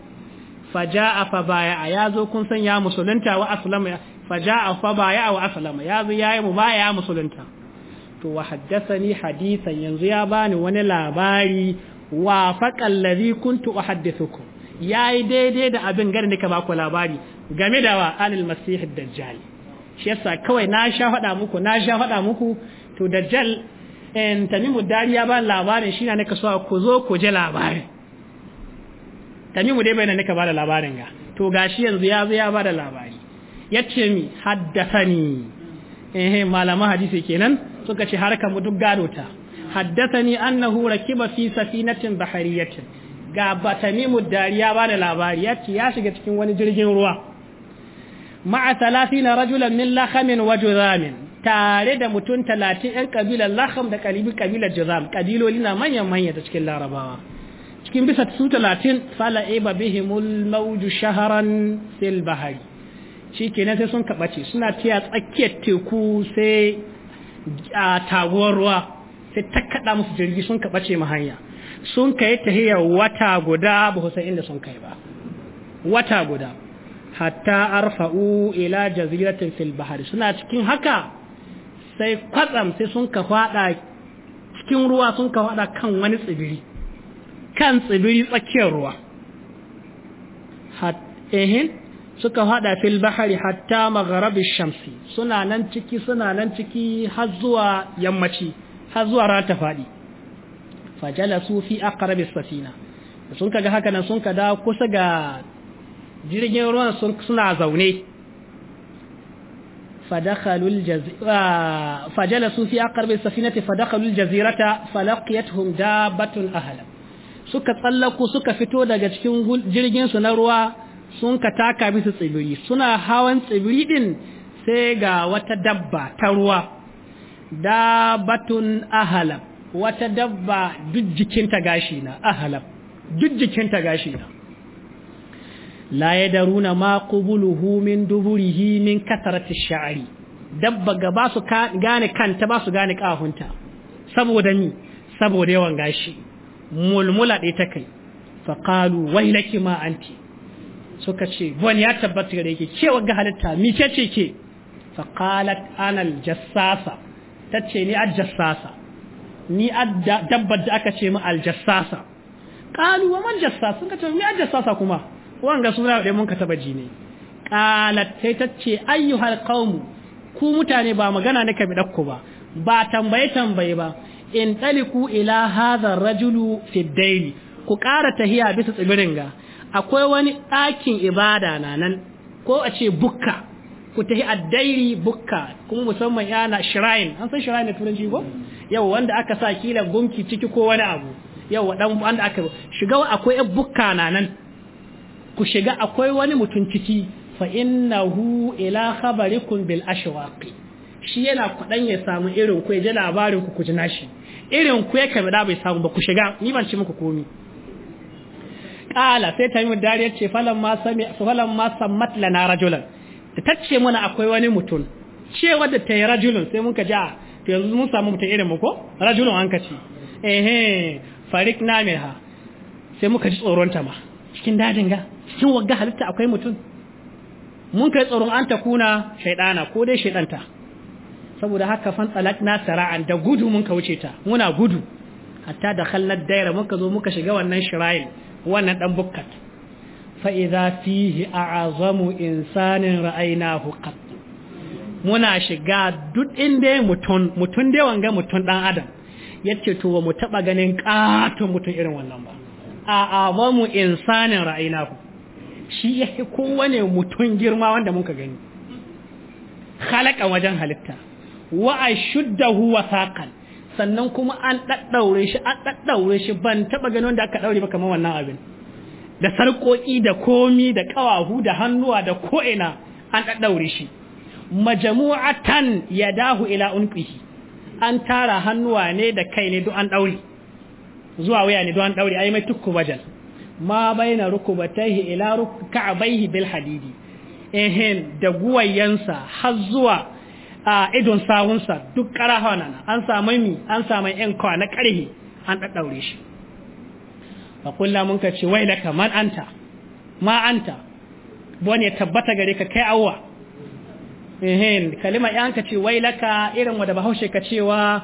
faja'a fa baya ya zo kun san ya musulunta wa aslama faja'a fa baya wa aslama ya zo yayi mu baya ya musulunta to wa haddasani hadisan yanzu ya bani wani labari wa faqal ladhi kuntu uhaddithukum yayi daidai da abin garin da ka baku labari game da wa alil masih dajjal shi yasa kawai na sha fada muku na sha fada muku to dajjal in eh, tamimu dari ya bani labarin shi na nika so ku zo ku ji labarin tamimu dai bai na nika bada labarin ga to gashi yanzu ya zo ya bada labari yace mi haddasani eh malama hadisi kenan suka ce harkar mu duk gado ta haddathani annahu rakiba fi safinatin bahariyatin ga batamimu dariya ba da labari ya ce ya shiga cikin wani jirgin ruwa ma'a 30 rajulan min lakhamin wa juzamin tare da mutum talatin yan kabilar lakham da kalibi kabilar juzam kabiloli na manyan manya ta cikin larabawa cikin bisa su 30 fala iba bihimul mawju shaharan fil bahari shikenan sai sun kabace suna tiya tsakiyar teku sai a taguwar ruwa sai ta kaɗa musu jirgi sun ka ɓace ma hanya sun ka yi tahiyar wata guda ba san inda sun kai ba wata guda hatta arfa'u ila jaziratin fil bahari suna cikin haka sai kwatsam sai sun ka fada cikin ruwa sun ka fada kan wani tsibiri kan tsibiri tsakiyar ruwa ehin suka hada fil bahari hatta magharabi shamsi suna nan ciki suna nan ciki har zuwa yammaci har zuwa rana ta fadi fajalasu fi aqrabi safina sun kaga haka nan sun kada kusa ga jirgin ruwan suna zaune فدخلوا الجزيرة فجلسوا في أقرب السفينة فدخلوا الجزيرة فلقيتهم دابة أهلا suka tsallaku suka fito daga cikin jirgin su na ruwa sun ka taka bisa tsibiri suna hawan tsibiri din sai ga wata dabba ta ruwa dabatun ahalab wata dabba duk gashi na ahalab duk jikinta gashi na la daruna ma qubuluhu min duburihi min kasarati sha'ri dabba ga ba su gane kanta ba su gane kahunta saboda ni saboda yawan gashi mulmula ɗaya ta kai qalu wailaki ma anti suka ce wani ya tabbata gare ke cewa ga halitta mi ce ce ke faqalat anal jassasa tace ni al jassasa ni dabbar da aka ce mu al jassasa qalu wa man jassasa sun ka ce ni al jassasa kuma wanga suna da mun ka taba ji ne qalat sai tace ayyuhal qaum ku mutane ba magana nake mi dakko ba ba tambaye tambaye ba in taliku ila hadha rajulu fi daili ku ƙara tahiya bisa tsibirin ga akwai wani ɗakin ibada na nan ko a ce bukka ku tafi addairi bukka kuma musamman yana shirayin. an san shirayin da turanci ko yau wanda aka sa kila gunki ciki ko wani abu yau dan wanda aka shiga akwai bukka na nan ku shiga akwai wani mutum ciki fa innahu ila khabarikum bil ashwaqi shi yana kwadan ya samu irin ku ya je labarin ku ku ji nashi irin ku ya kamada bai samu ba ku shiga ni ban ci muku komai kala sai ta yi dariya ce falon ma sammat lana rajulan da ta ce mana akwai wani mutum cewa da ta yi rajulun sai muka ji a to yanzu mun samu mutum irin mu ko rajulun an ka ehe farik na ha sai muka ji tsoron ta ma cikin dajin ga cikin wagga halitta akwai mutum mun kai tsoron an ta kuna shaidana ko dai shaidanta saboda haka fan tsalak na sara'an da gudu mun ka wuce ta muna gudu hatta da khallar daira muka zo muka shiga wannan shirayin wannan dan bukkat fa idza fihi a'azamu insanin ra'aynahu qat muna shiga duk inda mutun mutun da wanga mutun dan adam yace to mu taba ganin katon mutun irin wannan ba a'azamu insanin ra'aynahu shi yake kowane mutun girma wanda muka gani khalaqa wajen halitta wa ashuddahu saqan sannan kuma an ɗaɗɗaure shi an ɗaɗɗaure shi ban taɓa ganin wanda aka ɗaure ba kamar wannan abin da sarƙoƙi da komi da ƙawahu da hannuwa da ko'ina an ɗaɗɗaure shi majamu'atan ya dahu ila unqihi an tara hannuwa ne da kai ne duk an ɗaure zuwa waya ne duk an ɗaure ai mai tukku bajal ma baina rukubatayhi ila ka'abaihi bil hadidi ehen da guwayensa har zuwa a idon sawunsa duk karahawa na an samu mi an samu ƴan kawa na karhi an daddaure shi fa kullu mun ka ce wai ka man anta ma anta ya tabbata gare ka kai awwa ehe kalima yan ka ce wai ka irin wanda bahaushe ka cewa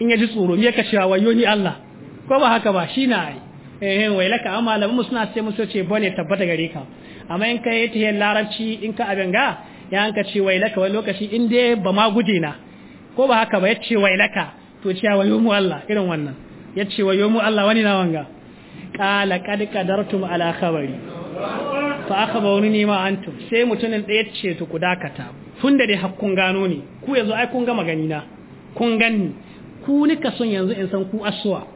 in ya ji tsoro me ka cewa wayo ni Allah ko ba haka ba shi na Wai wailaka amma malamin mu suna ce musu ce ya tabbata gare ka amma in ka yi ta larabci in ka abin ga ya an ka ce wailaka wani lokaci in dai ba ma guje na ko ba haka ba ya ce wailaka to ce wa yomu Allah irin wannan ya ce wa yomu Allah wani na wanga qala qad qadartum ala khabari fa akhbaruni ni ma antum sai mutumin da ya ce to ku dakata tun da dai hakkun gano ne ku yanzu ai kun ga magani na kun ganni ku nika son yanzu in san ku aswa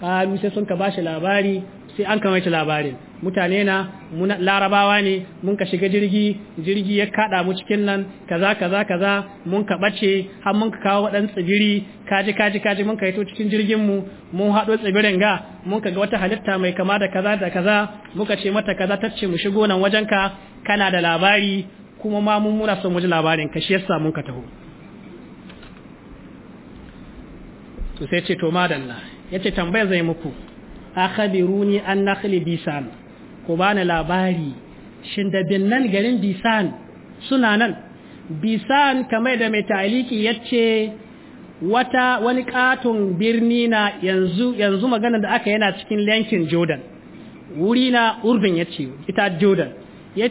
kalu sai sun ka bashi labari sai an kama shi labarin mutane na larabawa ne mun ka shiga jirgi jirgi ya kada mu cikin nan kaza kaza kaza mun ka bace har mun ka kawo wadan tsibiri kaji kaji kaji mun ka yi to cikin jirgin mu mun hado tsibirin ga mun ka ga wata halitta mai kama da kaza da kaza muka ce mata kaza ta ce mu shigo nan wajen ka kana da labari kuma ma mun muna son labarin ka shi yasa mun ka taho to sai ce to madalla yace tambayar zai muku akhbiruni an nakhli bisan ku bani labari shin da garin bisan suna nan bisan kamar da mai ya yace wata wani katon birni na yanzu yanzu magana da aka yana cikin yankin Jordan wuri na ya ce ita Jordan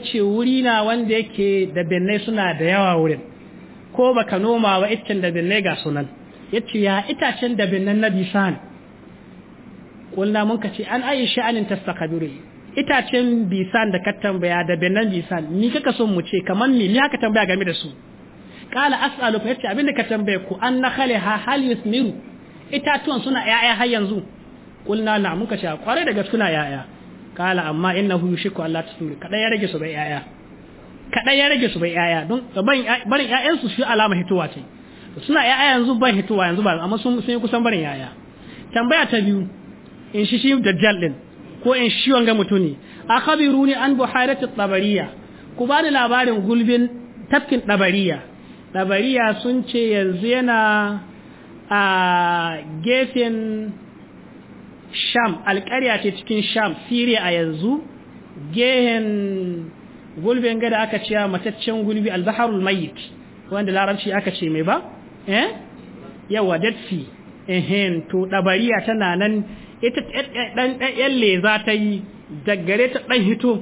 ce wuri na wanda yake da binnai suna da yawa wurin ko baka noma ba iccen da binnai ga sunan Ya ce ya itacen da binnan na bisan ƙulla mun kace an ayi sha'anin kabiru itacen bisan da ka tambaya da benan bisan ni kaka son mu ce kamar ni ni haka tambaya game da su qala fa yace abinda ka tambaye ku an ha hal yusmiru itatuwan suna yaya har yanzu kulna na muka ce kware da gaskuna yaya kala amma innahu yushiku Allah tasmiru kada ya rage su bai yaya kada ya rage su bai yaya don barin yayan su shi alama hitowa ce suna yaya yanzu ban hitowa yanzu ba amma sun sun kusan barin yaya tambaya ta biyu in shi shi dajjal din ko in shi wanga mutuni ne an buharati tabariya ku bani labarin gulbin tafkin tabariya tabariya sun ce yanzu yana a gefen sham alƙarya ce cikin sham siriya a yanzu gehen gulbin gada aka ce mataccen gulbi albaharul mayyit wanda larabci aka ce mai ba eh yawa dead sea to dabariya tana nan ita ɗan ɗan leza ta yi daggare ta ɗan hito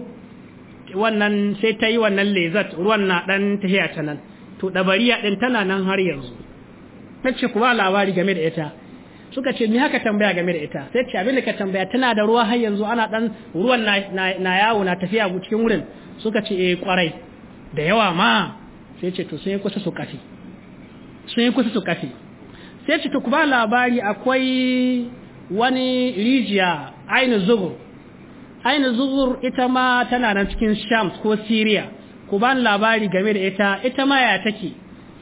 wannan sai ta yi wannan lezat ruwan na ɗan ta ta nan to ɗabariya ɗin tana nan har yanzu ta ce kuma labari game da ita suka ce ni haka tambaya game da ita sai ce abin da ka tambaya tana da ruwa har yanzu ana ɗan ruwan na, yawo na tafiya cikin wurin suka ce eh kwarai da yawa ma sai ce to sun yi kusa su kafi sun yi kusa su kafi sai ce to kuma labari akwai wani rijiya ainu zugur ainu zugur ita ma tana nan cikin shams ko syria ku ban labari game da ita ita ma ya take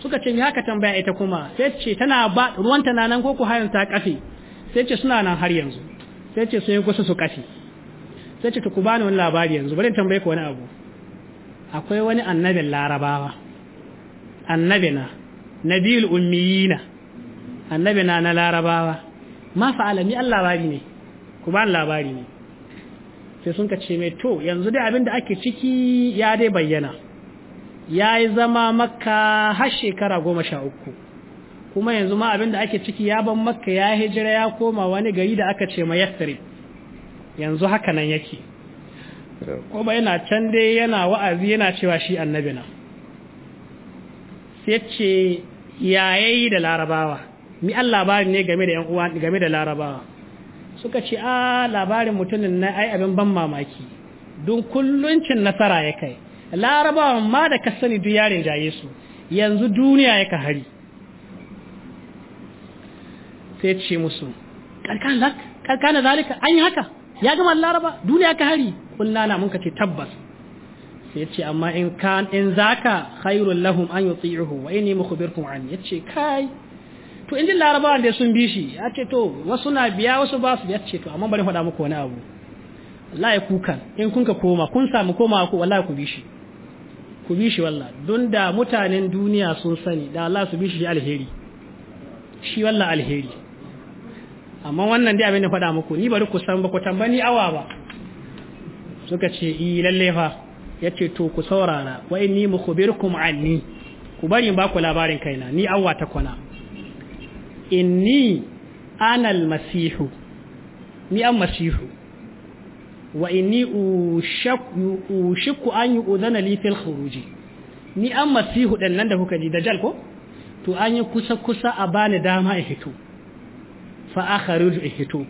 suka ce mi haka tambaya ita kuma sai ce tana ba ruwan tana nan ko ku hayan ta kafe sai ce suna nan har yanzu sai ce sun yi kusa su kafe sai ce ku bani wani labari yanzu bari tambaye ku wani abu akwai wani annabin larabawa annabina nabil ummiyina annabina na larabawa ma fa'ala ni Allah labari ne ku ba labari ne sai sun ka ce mai to yanzu dai abin da ake ciki ya dai bayyana ya yi zama makka har shekara goma sha uku kuma yanzu ma abin da ake ciki ya ban makka ya hijira ya koma wani gari da aka ce mayastri yanzu haka nan yake kuma yana can dai yana wa'azi yana cewa shi annabi na sai ce yayayi da larabawa mi an labari ne game da yan uwa game da larabawa suka ce a ah, labarin mutumin na ai abin ban mamaki don kulluncin nasara ya kai larabawa ma da ka sani duk yarin jaye su yanzu duniya ya hari sai ce musu karkan lak zalika an yi haka ya gama laraba duniya ka hari kulla na mun kace tabbas sai yace amma in kan in zaka khairul lahum an yuti'uhu wa inni mukhbirukum an yace kai to injin larabawan da sun bi shi ya ce to wasu na biya wasu ba su biya ce to amma bari faɗa muku wani abu wallahi kukan in kun ka koma kun samu koma ku wallahi ku bi shi ku bi shi wallahi don da mutanen duniya sun sani da Allah su bi shi alheri shi wallahi alheri amma wannan dai abin da faɗa muku ni bari ku san ba ku tambani awa ba suka ce i lalle fa yace to ku saurara wa inni mukhbirukum anni ku bari in ba ku labarin kaina ni awa ta kwana inni anal masihu ni an masihu wa inni an yi udana khuruji ni an masihu nan da kuka ji da ko to an yi kusa kusa a bani dama in hito fa akharuju in hito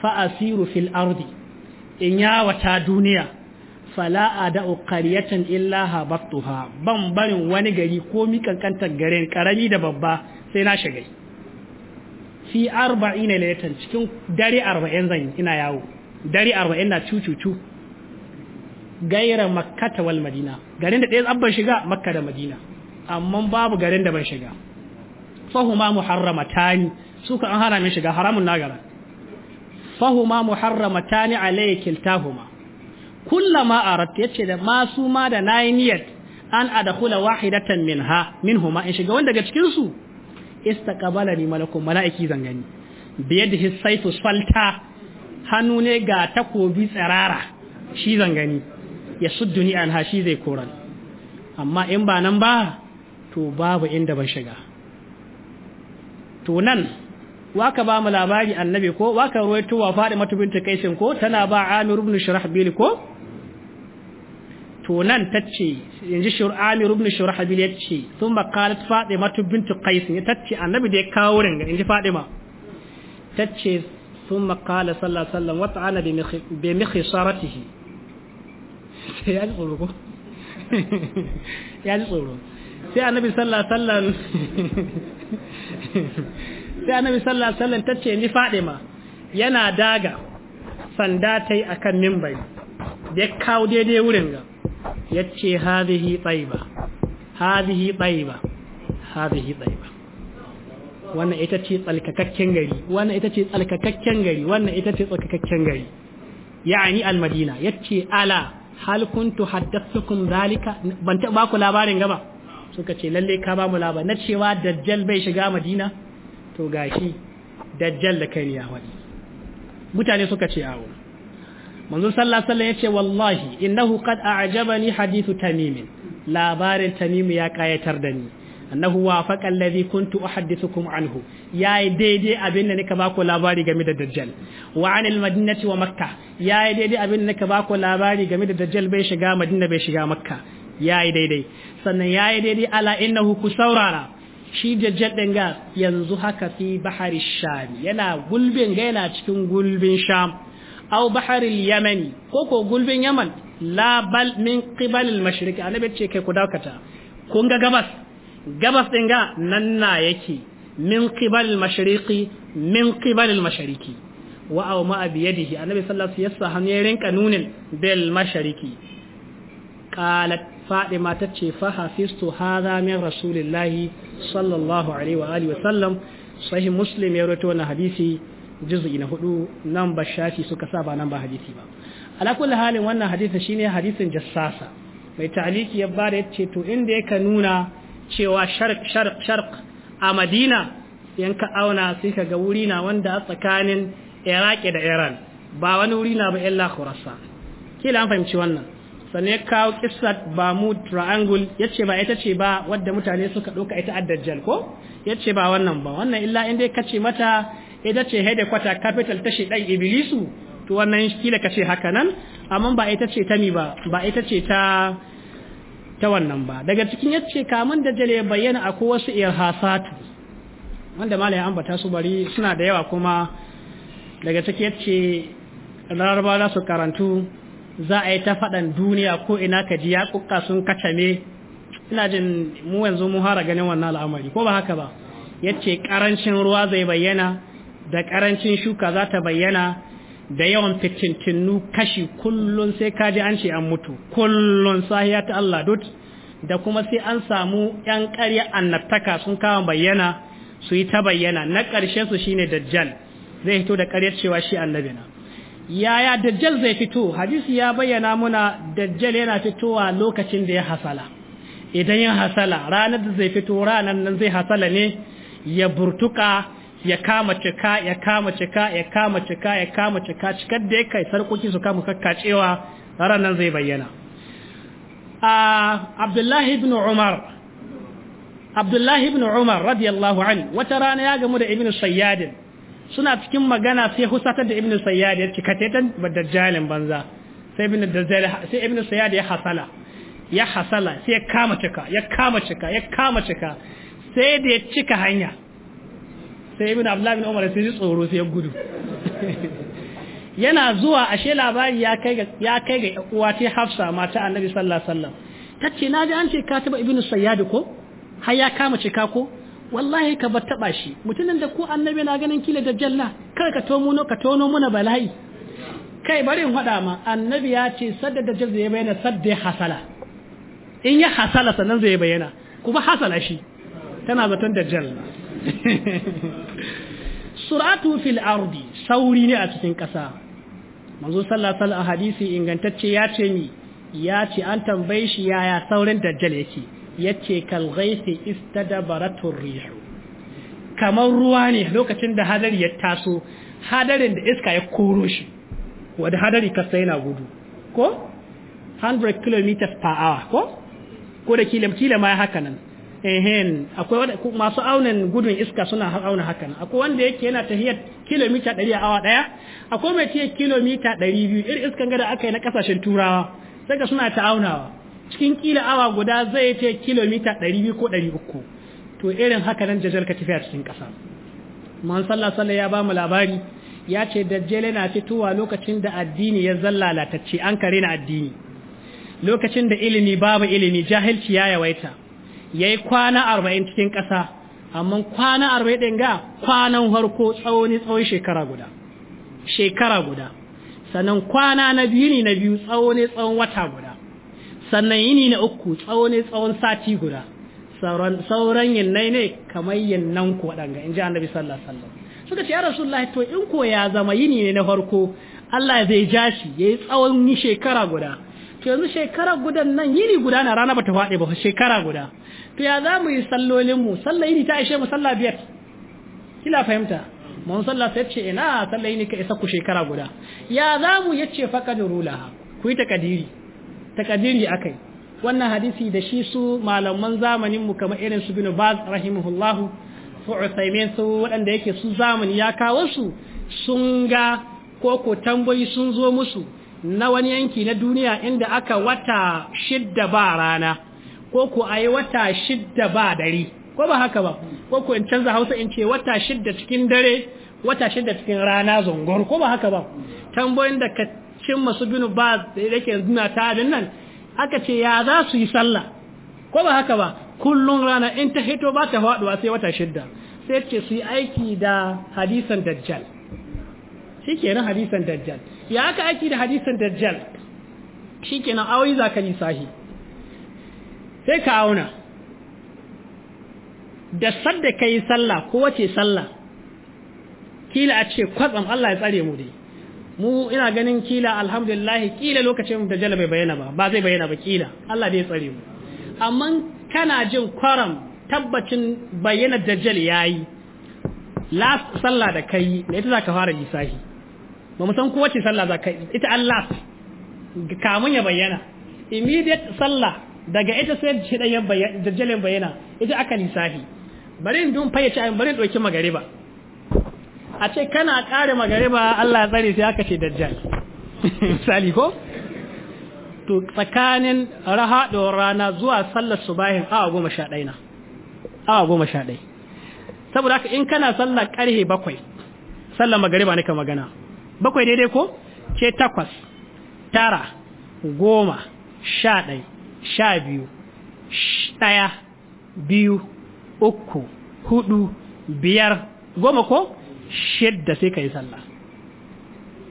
fa asiru fil ardi in yawata duniya fala ada'u qaryatan illa habattuha ban barin wani gari ko mi kankantar garin karami da babba sai na shagai fi arba'ina lailatan cikin dare 40 zan ina yawo dare 40 na cucucu gaira makkata wal madina garin da ɗaya abban shiga makka da madina amma babu garin da ban shiga fahuma muharramatani ka an hana min shiga haramun nagara fahuma muharramatani alayhi kiltahuma kullama arat yace da masu ma da nayi niyyat an adkhula wahidatan minha minhuma in shiga wanda daga cikin su ni malakun mala'iki zangani da his saifu falta hannu ne ga takobi tsarara shi zangani ya sudduni an ha shi zai koran amma in ba nan ba to babu inda ban shiga to nan waka ba mu labari annabi ko waka ruwaito wa Fatima bintu Kaisin ko tana ba Amir ibn bil ko to nan ta ce yanzu shur'amir ibn shurhabil ya ce sun makalat fadima bintu qais ya tace annabi da ya kawo ringa inji fadima ta ce sun makala sallallahu sallam wata ana bai mihi saratihi sai ya ji tsoro ko ya ji tsoro sai annabi sallallahu sallam sai annabi sallallahu sallam ta ce ni fadima yana daga sanda ta yi akan mimbai da ya kawo daidai wurin ga yace hadhihi tayyiba hadhihi tayyiba hadhihi tayyiba wannan ita ce tsalkakakken gari wannan ita ce tsalkakakken gari wannan ita ce tsalkakakken gari ya'ani almadina yace ala hal kuntu haddathukum zalika ban ta baku labarin gaba suka ce lalle ka ba mu labarin na cewa dajjal bai shiga madina to gashi dajjal da kai ne ya wadi mutane suka ce awo manzo sallallahu alaihi yace wallahi innahu qad a'jabani hadithu tamim labarin tamim ya kayatar da ni annahu wafaqa alladhi kuntu uhaddithukum anhu yayi daidai abin da nika bako labari game da dajjal wa anil madinati wa makkah yayi daidai abin da nika bako labari game da dajjal bai shiga madina bai shiga makkah yayi daidai sannan yayi daidai ala innahu kusaurara shi dajjal din ga yanzu haka fi bahari sham yana gulbin ga yana cikin gulbin sham aw baharil yamani ko ko gulbin yaman la bal min qibal al mashriq annabi ce kai ku dakata kun ga gabas gabas din ga nan na yake min qibal al mashriqi min qibal al mashriqi wa aw ma bi yadihi annabi sallallahu alaihi wasallam ya rinka nunin bil mashriqi qalat fadima tace fa hafistu hadha min rasulillahi sallallahu alaihi wa alihi wa sallam sahih muslim ya rawaito wannan hadisi juz'i na hudu nan ba shafi suka sa ba nan ba hadisi ba ala kulli halin wannan hadisin shine hadisin jassasa mai ta'aliki ya bada yace to inda yake nuna cewa sharq sharq sharq a Madina yanka auna sai ga wuri na wanda a tsakanin Iraq da Iran ba wani wuri na ba illa Khurasan kila an fahimci wannan sannan ya kawo kissat Bermud Triangle ce ba ita ce ba wadda mutane suka ɗauka ita addajjal ko ce ba wannan ba wannan illa inda kace mata ita ce headquarter capital ta shi dan iblisu to wannan kila kace haka nan amma ba ita ce ta mi ba ba ita ce ta ta wannan ba daga cikin yace kamun da jale bayyana akwai wasu irhasatu wanda an ambata su bari suna da yawa kuma daga cikin yace laraba za su karantu za a yi ta faɗan duniya ko ina ka ji ya kukka sun kacame ina jin mu yanzu mu hara ganin wannan al'amari ko ba haka ba yace karancin ruwa zai bayyana da ƙarancin shuka za ta bayyana da yawan fitintinu kashi kullum sai kaji an ce an mutu kullum sahiya ta Allah dut da kuma sai an samu yan ƙarya annabtaka sun kawo bayyana su yi ta bayyana na ƙarshen su shine dajjal zai fito da ƙaryar cewa shi annabi na yaya dajjal zai fito hadisi ya bayyana muna dajjal yana fitowa lokacin da ya hasala idan ya hasala ranar da zai fito ranar nan zai hasala ne ya burtuka ya kama cika ya kama cika ya kama cika ya kama cika cikar da ya kai sarkoki su kama kakkacewa ranar zai bayyana abdullahi ibn umar abdullahi ibn umar radiyallahu an wata rana ya gamu da ibn sayyadin suna cikin magana sai husatar da ibn sayyadin cika tetan dajjalin banza sai ibn dajjal sai ibn sayyadin ya hasala ya hasala sai ya kama cika ya kama cika ya kama cika sai da ya cika hanya sai ibn abdullahi bin umar sai ya tsoro sai ya gudu yana zuwa ashe labari ya kai ga ya kai ga uwa ta hafsa mata annabi sallallahu alaihi wasallam tace na ji an ce ka taba ibn sayyad ko har ya kama cika ko wallahi ka bar taba shi mutumin da ko annabi na ganin kila dajjal na kar ka tono ka tono muna bala'i kai bari in faɗa ma annabi ya ce sadda dajjal zai bayyana sadda ya hasala in ya hasala sannan zai bayyana kuma hasala shi tana zaton dajjal suratu fil ardi sauri ne a cikin ƙasa manzo sallallahu alaihi hadisi ingantacce ya ce ni ya ce an tambaye shi yaya saurin dajjal yake yace kal ghaisi istadabaratu rih kamar ruwa ne lokacin da hadari ya taso hadarin da iska ya koro shi wanda hadari kasa yana gudu ko 100 km per hour ko ko da kila ma haka nan ehen akwai masu aunan gudun iska suna auna hakan akwai wanda yake yana tafiyar kilomita 100 a awa daya akwai mai tafiyar kilomita 200 irin iskan gada aka yi na kasashen turawa daga suna ta aunawa cikin kila awa guda zai ce kilomita 200 ko 300 to irin haka nan dajjal ka tafiya cikin kasa man sallah sallah ya ba mu labari ya ce dajjal yana fitowa lokacin da addini ya zallalatacce an kare na addini lokacin da ilimi babu ilimi jahilci ya yawaita ya yi kwana arba'in cikin ƙasa amma kwana arba'in ɗin ga kwanan harko tsawoni tsawon shekara guda shekara guda sannan kwana na biyu ne na biyu tsawoni tsawon wata guda sannan yini na uku tsawoni tsawon sati guda sauran yinnai ne kamar yinnan ko ɗanga in ji annabi sallallahu sallah suka ce ya rasulullahi to in ko ya zama yini ne na farko Allah zai ja shi ya yi tsawon shekara guda to yanzu shekara gudan nan yini guda na rana bata faɗi ba shekara guda to ya za mu yi sallolinmu sallah ni ta ishe mu sallah biyar kila fahimta mun sallah sai ce ina sallah ni ka isa ku shekara guda ya za mu yace faqad rulaha ku yi takadiri takadiri akai wannan hadisi da shi su malaman zamanin mu kamar irin su bin Baz rahimahullah su usaimin su waɗanda yake su zamani ya kawo su sun ga koko tambayi sun zo musu na wani yanki na duniya inda aka wata shidda ba rana ko ku a yi wata shidda ba dare ko ba haka ba ko ku in canza hausa in ce wata shidda cikin dare wata shidda cikin rana zongor ko ba haka ba tambayoyin da ka cin masu binu ba da ke zuna ta nan aka ce ya za su yi sallah ko ba haka ba kullum rana in ta hito ba ta faɗuwa sai wata shidda sai ce su yi aiki da hadisan dajjal shi ke nan hadisan dajjal ya aka aiki da hadisan dajjal shi ke nan awai za ka yi sahi sai ka auna da sadda ka yi sallah ko wace sallah kila a ce kwatsam Allah ya tsare mu dai mu ina ganin kila alhamdulillah kila lokacin da jala bai bayyana ba ba zai bayyana ba kila Allah dai ya tsare mu amma kana jin kwaram tabbacin bayyana dajjal yayi last sallah da kai ne ita zaka fara lisahi ba mu san ko wace sallah zaka ita Allah kamun ya bayyana immediate sallah daga ita sai shedan dajjalin bayyana ita aka lisafi bari in dun fayyace ayin bari doki magariba a ce kana kare magariba Allah ya tsare sai aka ce dajjal misali ko to tsakanin da rana zuwa sallar subahin awa goma sha ɗaya na awa goma sha ɗaya saboda haka in kana sallar ƙarhe bakwai sallar magariba ka magana bakwai daidai ko ce takwas tara goma sha ɗaya sha biyu ɗaya biyu uku hudu biyar goma ko shidda sai ka yi sallah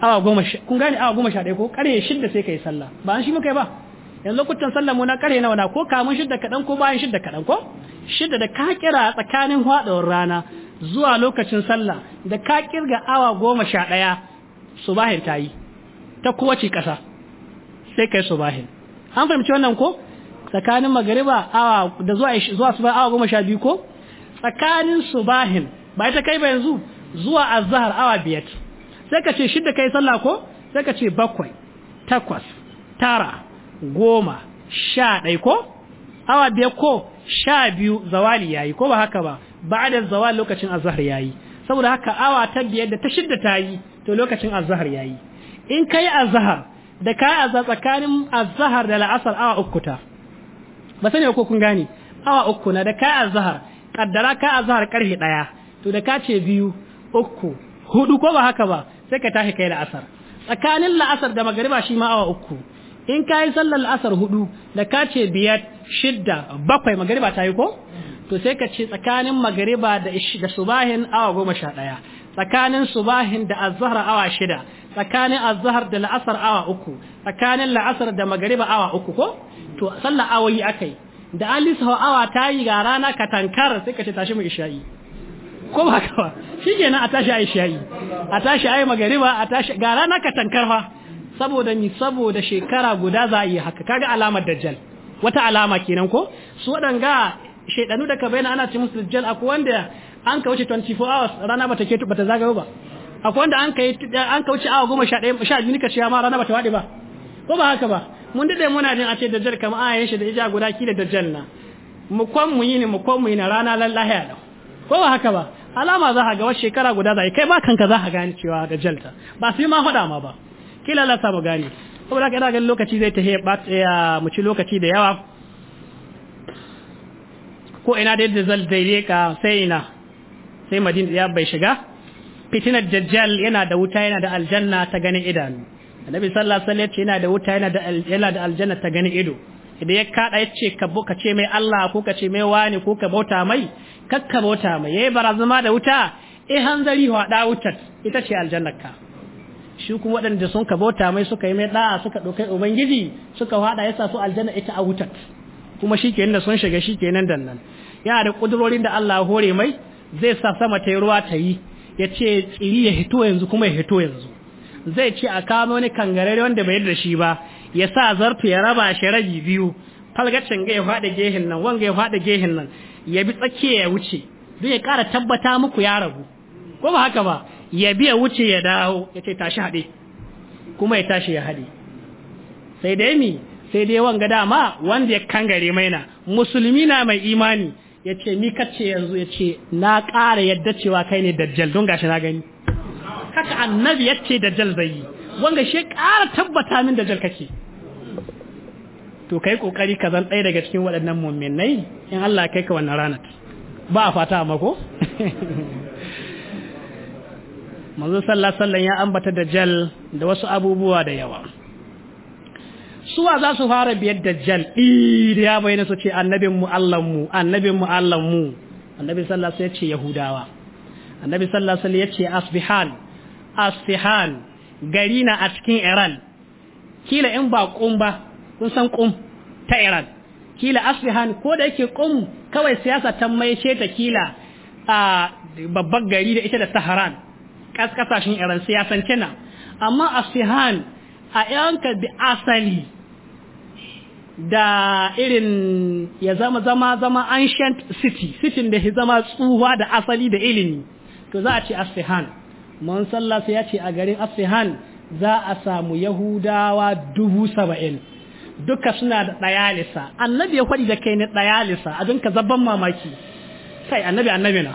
awa goma kun gane awa goma sha ɗaya ko ƙarye shidda sai ka yi sallah ba an shi muka yi ba yanzu lokutan sallah mu na ƙarye na wana ko kamun shidda kaɗan ko bayan shidda kaɗan ko shidda da ka kira tsakanin haɗawar rana zuwa lokacin sallah da ka kirga awa goma sha ɗaya subahin ta yi ta kowace ƙasa sai ka su subahin an fahimci wannan ko tsakanin magariba awa da zuwa zuwa suba awa goma sha biyu ko tsakanin subahin ba ita kai ba yanzu zuwa azhar awa biyar sai ka ce shidda kai sallah ko sai ka ce bakwai takwas tara goma sha ɗai ko awa biyar ko sha biyu zawali yayi ko ba haka ba ba ba'da zawali lokacin azhar yayi saboda haka awa ta biyar da ta shidda ta yi to lokacin azhar yayi in kai azhar da ka azza tsakanin azhar da la'asar awa uku ba sani ko kun gane awa uku na da ka azhar kaddara ka azhar karfe daya to da ka ce biyu uku hudu ko ba haka ba sai ka tashi kai la'asar tsakanin la'asar da magariba shi ma awa uku in ka yi sallar la'asar hudu da ka ce biyar shidda bakwai magariba ta yi ko to sai ka ce tsakanin magariba da subahin awa goma sha ɗaya tsakanin subahin da azhar awa shida tsakanin azhar da la'asar awa uku tsakanin la'asar da magariba awa uku ko to sallah awayi akai da an awa ta yi ga rana katankar sai ka ce tashi mu isha'i ko ba ka ba shi kenan a tashi a isha'i a tashi a yi magariba a tashi ga rana katankar fa saboda ni saboda shekara guda za a yi haka kaga alamar dajjal wata alama kenan ko su waɗanga shaidanu daga ka ana ce musu dajjal akwai wanda an ka wuce 24 hours rana bata ke ta zagayo ba akwai wanda an kai an ka wuce awa goma sha ɗaya sha biyu kace ma rana bata waɗe ba ko ba haka ba mun daɗe muna jin a ce jar kama a shi da ija guda ki da dajjal na mu kwan mu yi ne mu kwan mu yi na rana lallahi a ko ba haka ba alama za ka ga wasu shekara guda za yi kai ba kanka za ka gane cewa jal ta ba sai ma faɗa ma ba kila Allah sa mu gane ko haka ina ganin lokaci zai tahe ba eh, mu ci lokaci da yawa ko ina da yadda zal dai ka sai ina sai madina ya bai shiga fitinar dajjal yana da wuta yana da aljanna ta ganin idanu annabi sallallahu alaihi wasallam yana da wuta yana da yana da aljanna ta ganin ido idan ya kada ya ce ka boka ce mai Allah ko ka ce mai wani ko ka bauta mai kakka bauta mai yayi barazuma da wuta eh hanzari da wutar ita ce aljannarka shi kuma waɗanda sun ka bauta mai suka yi mai da'a suka ɗaukai ubangiji suka hada yasa su aljanna ita a wuta. kuma shikenan da sun shiga shikenan dan nan yana da kudurorin da Allah hore mai zai sa sama ta yi ruwa ta yi ya ce tsiri ya hito yanzu kuma ya hito yanzu zai ce a kama wani kangarare wanda bai da shi ba ya sa zarto ya raba shi rabi biyu falgacin ga ya faɗa gehin nan wanga ya faɗa gehin nan ya bi tsakiya ya wuce don ya ƙara tabbata muku ya ragu ko ba haka ba ya bi ya wuce ya dawo ya ce tashi haɗe kuma ya tashi ya haɗe sai dai mi sai dai wanga dama wanda ya kangare maina musulmi na mai imani ya ce ni kace yanzu ya ce na ƙara yadda cewa kai ne dajjal don gashi na gani haka annabi ya ce dajjal zai yi wanga shi ƙara tabbata min dajjal kake to kai kokari ka zan ɗaya daga cikin waɗannan mummunai, in Allah kai ka wannan ranar ba a fata amma ko manzo sallallahu alaihi ya ambata dajjal da wasu abubuwa da yawa suwa za su fara biyar jal'i da ya bayyana su ce annabin mu Allah mu annabin mu mu annabi sallallahu alaihi wasallam ya ce yahudawa annabi sallallahu alaihi wasallam ya ce asbihan asfihan gari na a cikin iran kila in ba kum ba kun san kum ta iran kila asfihan ko da yake kum kawai siyasa ta mai ce ta kila a babban gari da ita da saharan kasashen iran siyasan kina amma asfihan a yanka da asali da irin ya zama zama zama ancient city city da ya zama tsuwa da asali da ilimi to za a ce asfihan mun sallah sai ya ce a garin asfihan za a samu yahudawa dubu saba'in duka suna da ɗayalisa annabi ya kwaɗi da kai ne ɗayalisa a ka zabban mamaki kai annabi annabi na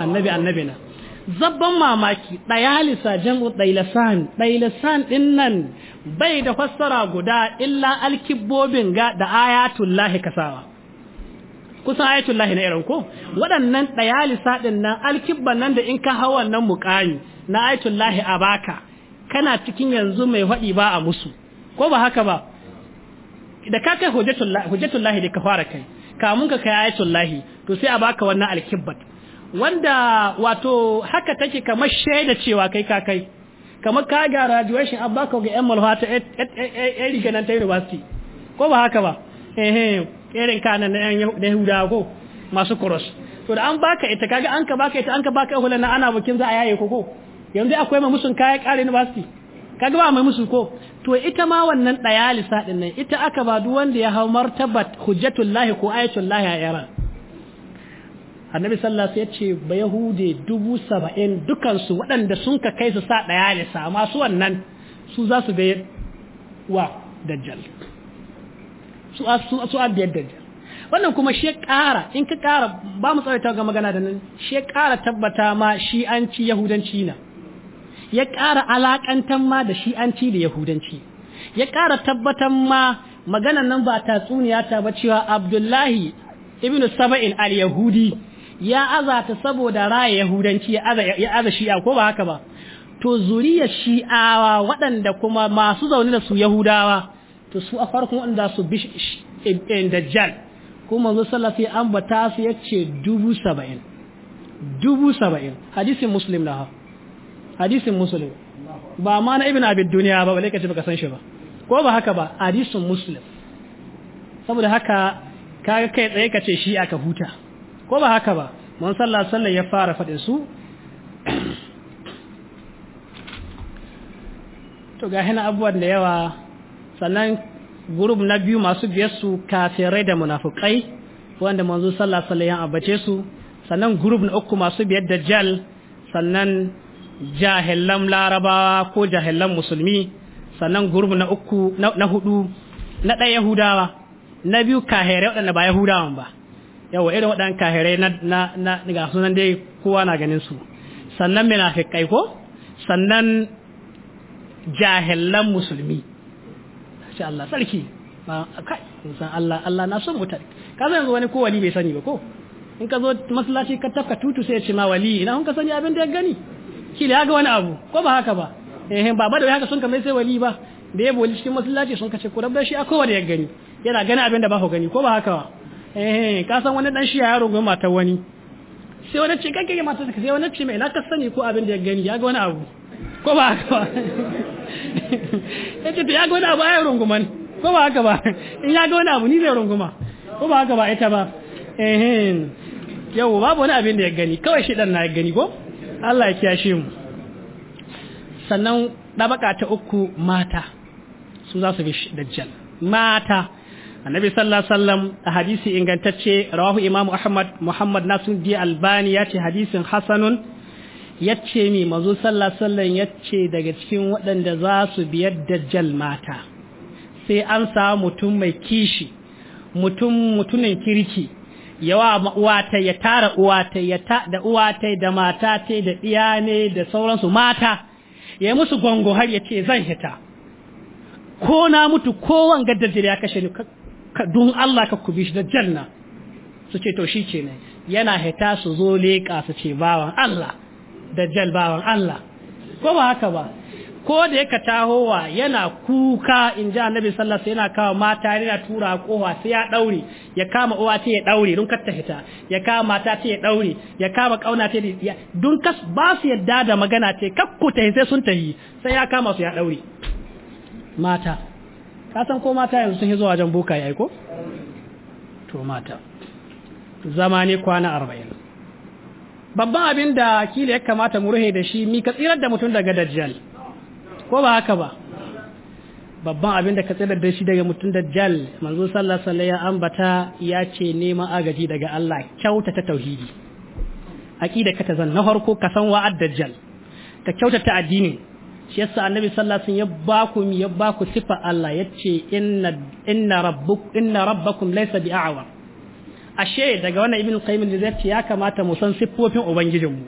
annabi annabi na zabban mamaki ɗayalisa jam'u ɗailasan ɗailasan ɗin nan bai da fassara guda illa alkibbobin ga da ayatullahi kasawa kusan ayatullahi na irin ko waɗannan ɗaya nan alkibban nan da in ka hawa nan muƙami na ayatullahi a baka kana cikin yanzu mai faɗi ba a musu ko ba haka ba da ka kai hujjatullahi da ka fara kai kamun ka kai ayatullahi to sai a wannan alkibbat wanda wato haka take kamar shaida cewa kai ka kai kamar ka ga graduation an baka ga yan malfa ta yan nan ta university ko ba haka ba eh eh irin kana na yan huda ko masu cross to da an baka ita kaga an ka baka ita an ka baka hula na ana bukin za a yaye ko ko yanzu akwai mai musun kai ƙara university kaga ba mai musu ko to ita ma wannan dayalisa din nan ita aka ba duk wanda ya hau martabat hujjatullahi ko ayatullahi lahi a annabi sallallahu ya ce ba yahude dubu saba'in dukansu waɗanda sun ka kai su sa ɗaya ne sa masu wannan su za su bayar wa dajjal su su su biyar dajjal wannan kuma shi ƙara in ka ƙara ba mu tsawaita ga magana da nan shi ƙara tabbata ma shi an ci yahudanci na ya ƙara alaƙantan ma da shi an ci da yahudanci ya ƙara tabbatan ma maganan nan ba tatsuniya ta ba cewa abdullahi ibn saba'in al-yahudi ya azata saboda raya yahudanci ya aza shi'a ko ba haka ba to zuriya shi'awa waɗanda kuma masu zaune da su yahudawa to su a farkon waɗanda su bi dajjal kuma manzo sallafi an bata su ya ce dubu saba'in dubu saba'in hadisin muslim na hadisin muslim ba ma na ibn abin duniya ba bale ka ce baka san shi ba ko ba haka ba hadisin muslim saboda haka kaga kai tsaye ka ce shi aka huta ko ba haka ba mun sallah sallah ya fara faɗin su to ga hina abubuwan da yawa sannan gurub na biyu masu biyar su kafirai da munafukai wanda manzo sallah sallah ya abace su sannan gurub na uku masu biyar da jal sannan jahilan larabawa ko jahilan musulmi sannan gurub na uku na hudu na ɗaya yahudawa na biyu kahere waɗanda ba yahudawan ba yawa irin waɗannan kahirai na na na ga sunan dai kowa na ganin su sannan munafikai ko sannan jahilan musulmi sai Allah sarki ba kai san Allah Allah na son mutane ka san yanzu wani ko wali bai sani ba ko in ka zo masallaci ka tafka tutu sai ya ce ma wali ina kun ka sani abin da ya gani kila ya ga wani abu ko ba haka ba eh ba ba da haka sun kamar sai wali ba da ya boli cikin masallaci sun kace ko rabbe shi kowa da ya gani yana gani abin da ba ku gani ko ba haka ba eh ka san wani dan shi ya rungu mata wani sai wani ce kake ga mata sai wani ce mai ina ka sani ko abin da ya gani ya ga wani abu ko ba haka ba yace to ya ga wani abu ai rungumani ko ba haka ba in ya ga wani abu ni zai runguma ko ba haka ba ita ba eh yau babu wani abin da ya gani kawai shi dan na ya gani ko Allah ya kiyashe mu sannan ɗabaka ta uku mata su za su bi dajjal mata annabi sallallahu alaihi wasallam a hadisi ingantacce rawahu imamu ahmad muhammad nasruddin albani ya ce hadisin hasanun ya ce mi mazu sallallahu alaihi ya ce daga cikin waɗanda za su biyar dajjal mata sai an samu mutum mai kishi mutum mutumin kirki yawa uwata ya tara uwata ya ta da uwata da mata ta da iya ne da sauransu mata ya yi musu gwango har ya ce zan hita ko na mutu ko wanga dajjal ya kashe ni ka don Allah ka kubi shi da janna su ce to shi kenan yana hita su zo leƙa su ce bawan Allah da jal bawan Allah ko ba haka ba ko da yaka tahowa yana kuka in ji annabi sallallahu yana kawo mata yana tura kowa sai ya daure ya kama uwa ce ya daure don kar ta hita ya kama mata ce ya daure ya kama kauna ce don kas ba su yadda da magana ce kakku ta sai sun tahi sai ya kama su ya daure mata ka san ko mata yanzu sun yi zuwa wajen boka ya aiko? to mata zama ne kwana arba'in babban abin da kila ya kamata mu ruhe da shi mi ka tsirar da mutum daga dajjal ko ba haka ba babban abin da ka tsirar da shi daga mutum dajjal manzo sallar-sallar, ya ambata ya ce neman agaji daga Allah kyautata tauhidi aqida ka ta zan na farko ka san wa'ad dajjal ka kyautata addini shi yasa annabi sallallahu alaihi wasallam ya baku ya baku sifa Allah yace inna inna rabbuk inna rabbakum laysa bi'awa ashe daga wannan ibn qayyim da zai ya kamata mu san Ubangijin mu.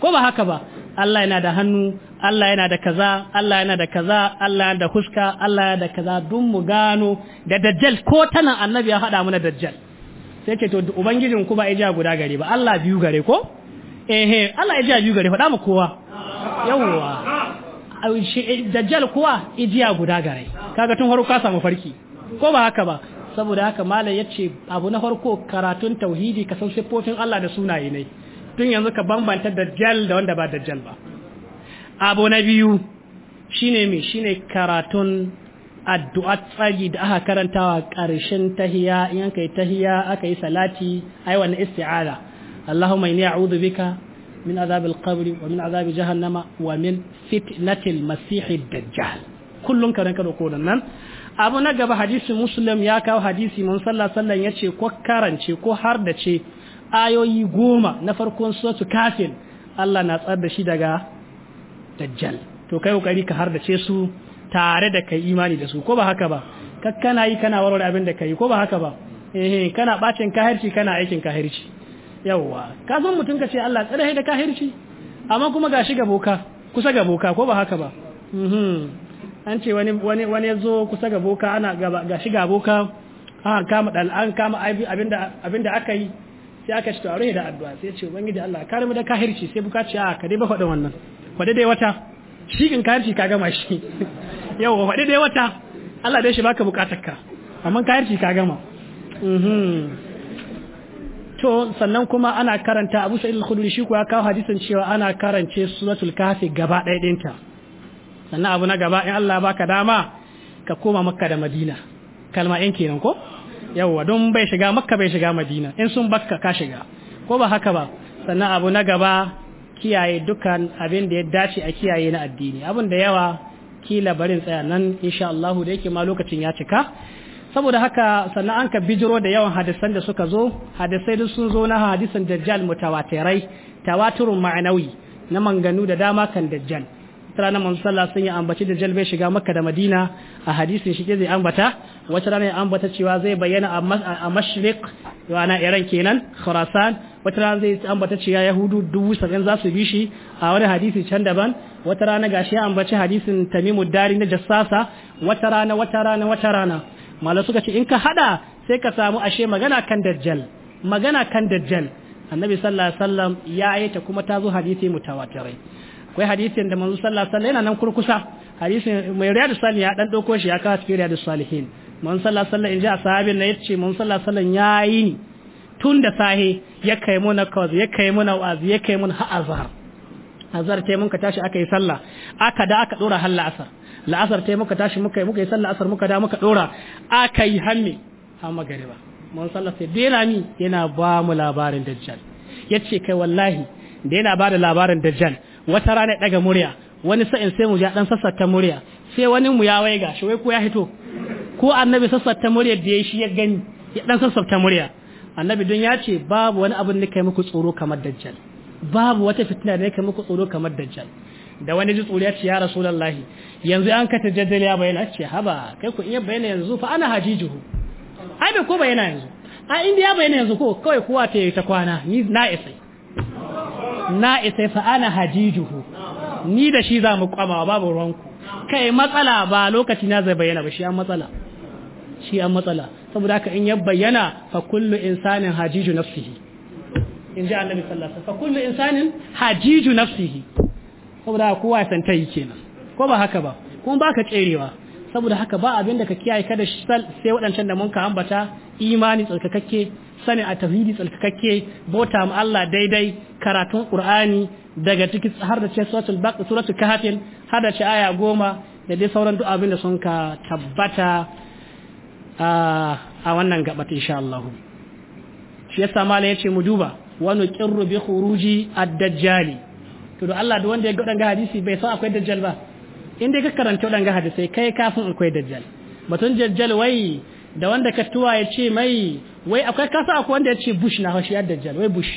ko ba haka ba Allah yana da hannu Allah yana da kaza Allah yana da kaza Allah yana da huska Allah yana da kaza dun mu gano da dajjal ko tana annabi ya hada mana dajjal sai ce to ubangijin ku ba ija guda gare ba Allah biyu gare ko eh eh Allah ija biyu gare faɗa mu kowa yawwa dajjal kuwa ijiya guda gare kaga tun farko ka samu farki ko ba haka ba saboda haka malam yace abu na farko karatun tauhidi ka san siffofin Allah da sunaye ne tun yanzu ka bambanta dajjal da wanda ba dajjal ba abu na biyu shine me shine karatun addu'a tsagi da aka karantawa karshen tahiya in kai tahiya aka yi salati ai wannan isti'ala Allahumma inni a'udhu bika min azabil qabri wa min azabi jahannama wa min fitnatil masihid dajjal kullun karan ka ko nan abu na gaba hadisi muslim ya kawo hadisi mun sallah sallan ya ce ko karance ko har da ce ayoyi goma na farkon suratu kafin Allah na tsar da shi daga dajjal to kai kokari ka har da ce su tare da kai imani da su ko ba haka ba kakkana yi kana warware abin da kai ko ba haka ba eh kana bacin kahirci kana aikin kahirci yawwa ka san mutum ka ce Allah tsare da kahirci amma kuma ga ga boka kusa ga boka ko ba haka ba mhm. an ce wani wani wani kusa ga boka ana ga ga gaboka an kama dal an kama abinda da aka yi sai aka shi tare da addu'a sai ce ce ubangiji Allah kare mu da kahirci sai buka ce a ka dai ba faɗin wannan faɗi dai wata shi in kahirci ka gama shi yau faɗi dai wata Allah dai shi baka ka amma kahirci ka gama mhm. to sannan kuma ana karanta abu sa'id al-khudri shi kuwa kawo hadisin cewa ana karance suratul kafi gaba ɗaya ɗinta sannan abu na gaba in Allah baka dama ka koma makka da madina kalma yan kenan ko yawwa don bai shiga makka bai shiga madina in sun bakka ka shiga ko ba haka ba sannan abu na gaba kiyaye dukan abin da ya dace a kiyaye na addini abin da yawa kila barin tsaya nan insha Allah da yake ma lokacin ya cika saboda haka sannan an ka bijiro da yawan hadisan da suka zo hadisai duk sun zo na hadisan dajjal mutawatirai tawaturun ma'anawi na manganu da dama kan dajjal wata rana manzo sallah sun yi ambaci dajjal bai shiga makka da madina a hadisin shi zai ambata wata rana ya ambata cewa zai bayyana a mashriq ana iran kenan khurasan wata rana zai ambata cewa yahudu dubu sabin za su bi shi a wani hadisi can daban wata rana gashi ya ambaci hadisin tamimu dari na jassasa wata rana wata rana wata rana malam suka ce in ka hada sai ka samu ashe magana kan dajjal magana kan dajjal annabi sallallahu alaihi wasallam ya yi ta kuma ta zo hadisi mutawatirai akwai hadisin da manzo sallallahu alaihi wasallam yana nan kurkusa hadisin mai riyadu salihin ya dan dauko shi ya kawo cikin riyadu salihin manzo sallallahu alaihi wasallam in ji sahabin na yace manzo sallallahu alaihi wasallam ya yi ni tun da sahe ya kai muna kawaz ya kai muna wa'azi ya kai muna har azhar azhar sai mun ka tashi aka yi sallah aka da aka dora har la'asar la'asar ta yi muka tashi muka yi muka yi sallar asar muka da muka dora aka yi hamme har magariba mun sallar sai dai rami yana ba mu labarin dajjal ce kai wallahi da yana ba da labarin dajjal wata rana daga murya wani sa'in sai mu ja dan sassata murya sai wani mu ya waiga shi wai ko ya hito ko annabi sassata murya da ya shi ya gani ya dan sassata murya annabi don ya ce babu wani abin da kai muku tsoro kamar dajjal babu wata fitina da kai muku tsoro kamar dajjal da wani ji tsoro ya ce ya rasulullahi yanzu an ka tajaddal ya bayyana ce haba kai ku iya bayyana yanzu fa ana hajijuhu ai bai ko bayyana yanzu a inda ya bayyana yanzu ko kawai kowa ta yi ta kwana ni na isai na isai fa ana hajijuhu ni da shi za mu kwama babu ruwanku kai matsala ba lokaci na zai bayyana ba shi an matsala shi an matsala saboda haka in ya bayyana fa kullu insanin hajiju nafsihi in ji annabi sallallahu alaihi wasallam fa kullu insanin hajiju nafsihi saboda kowa san ta yi kenan ko ba haka ba kuma ba ka tserewa saboda haka ba abin da ka kiyaye kada sai waɗancan da mun ka ambata imani tsarkakakke sani a tafhidi tsarkakakke bota ma Allah daidai karatun Qur'ani daga ciki har da ce suratul baq suratul kahfin har da ce aya goma da dai sauran duk abin da sun ka tabbata a wannan ta insha Allah shi yasa mala yace mu duba wa nuqirru bi khuruji ad-dajjali to Allah da wanda ya ga hadisi bai san akwai dajjal ba in dai ka karanta waɗanga hadisai kai kafin akwai dajjal batun dajjal wai da wanda ka tuwa ya ce mai wai akwai kasa akwai wanda ya ce bush na hashi yar dajjal wai bush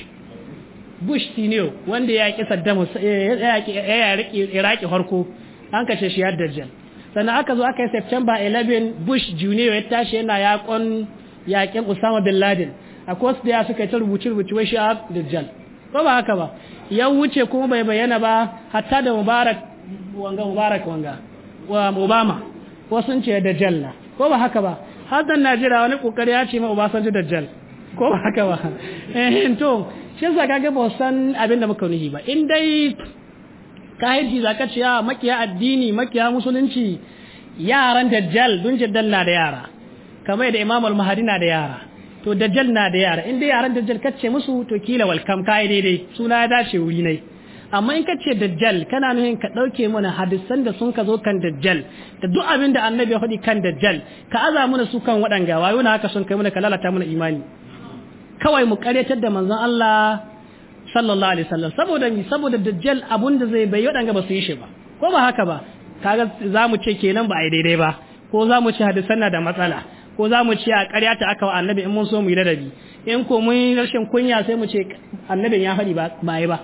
bush senior wanda ya yaƙi saddam ya yaƙi iraki harko an kashe shi yar dajjal sannan aka zo aka yi september 11 bush junior ya tashi yana yaƙon yaƙin usama bin laden a kowace da ya suka yi ta rubuce rubuce wai shi dajjal ko ba haka ba ya wuce kuma bai bayyana ba hatta da mubarak wanga mubarak wanga wa obama ko sun ce dajjal na ko ba haka ba har dan najira wani kokari ya ce ma obasanjo dajjal ko ba haka ba eh to shi sa kaga ba san abin da muka nuhi ba in dai Ka yi zaka ce ya ah, makiya addini makiya musulunci yaran dajjal dun jaddal na da yara kamar da imamul al-mahdi na da yara to dajjal na da yara in dai yaran dajjal kace musu to kila welcome kai daidai suna ya dace wuri nai amma in ka ce dajjal kana nuhin ka ɗauke mana hadisan da sun ka zo kan dajjal da duk abin da annabi ya faɗi kan dajjal ka aza mana su kan waɗanga wayo na haka sun kai mana ka lalata mana imani kawai mu karyatar da manzon Allah sallallahu alaihi wasallam saboda ni saboda dajjal abun da zai bai waɗanga ba su yi shi ba ko ba haka ba kaga za mu ce kenan ba a yi daidai ba ko za mu ce hadisan na da matsala ko za mu ce a karyata aka wa annabi in mun so mu yi ladabi in ko mun rashin kunya sai mu ce annabin ya faɗi ba yi ba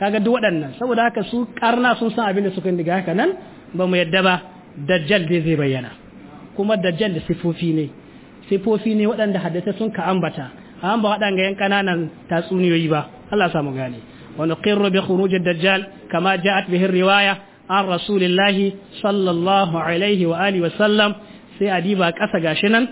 kaga duk waɗannan saboda haka su karna sun san abin da suka diga haka nan ba mu yadda ba dajjal dai zai bayyana kuma dajjal da sifofi ne sifofi ne waɗanda haddata sun ka ambata an ba waɗanga yan ƙananan tatsuniyoyi ba Allah ya mu gane wa nuqirru bi khuruj dajjal kama ja'at bihi riwaya an rasulillahi sallallahu alaihi wa alihi wa sallam sai adiba ƙasa gashi nan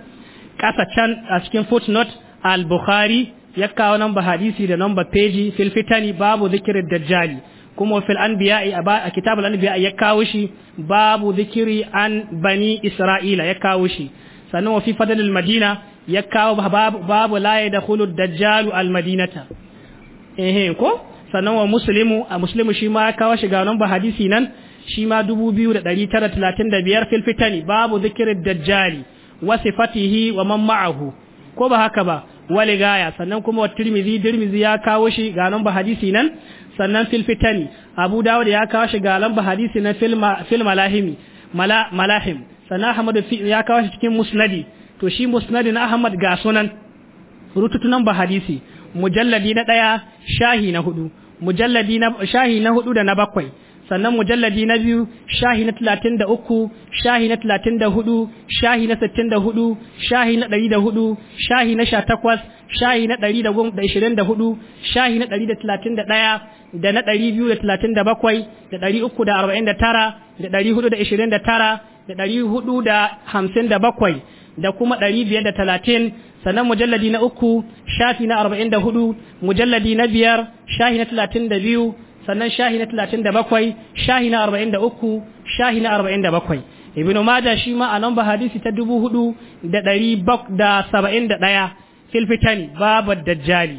ƙasa can a cikin footnote al-bukhari ya kawo ba hadisi da ba peji fil fitani babu zikirin dajjali kuma fil anbiya'i a kitabul anbiya'i ya kawo shi babu zikiri an bani isra'ila ya kawo shi sannan wa fi fadlil madina ya kawo babu la yadkhulu dajjalu al madinata eh ko sannan wa muslimu a muslimu shi ma ya kawo shi ga ba hadisi nan shi ma 2935 fil fitani babu zikirin dajjali wa sifatihi wa man ma'ahu ko ba haka ba wali gaya sannan kuma wa tirmizi tirmizi ya kawo shi ga lamba hadisi nan sannan fil fitani abu dawud ya kawo shi ga lamba hadisi na fil malahimi malahim sannan ahmad ya kawo shi cikin musnadi to shi musnadi na ahmad ga sunan rututun ba hadisi mujalladi na daya shahi na hudu mujalladi na shahi na hudu da na bakwai sannan mujalladi na biyu shahi na talatin da uku shahi na talatin da hudu shahi na sittin da hudu shahi na ɗari da hudu shahi na sha takwas shahi na ɗari da ishirin da hudu shahi na ɗari da talatin da ɗaya da na ɗari biyu da talatin da bakwai da ɗari uku da arba'in da tara da ɗari hudu da ishirin da tara da ɗari hudu da hamsin da bakwai da kuma ɗari biyar da talatin sannan mujalladi na uku shafi na arba'in da hudu mujalladi na biyar shahi na talatin da biyu sannan shahi na talatin da bakwai shahi na arba'in da uku shahi na bakwai ibnu maja shi ma a ba hadisi ta dubu hudu da da saba'in da ɗaya filfitani babu dajjali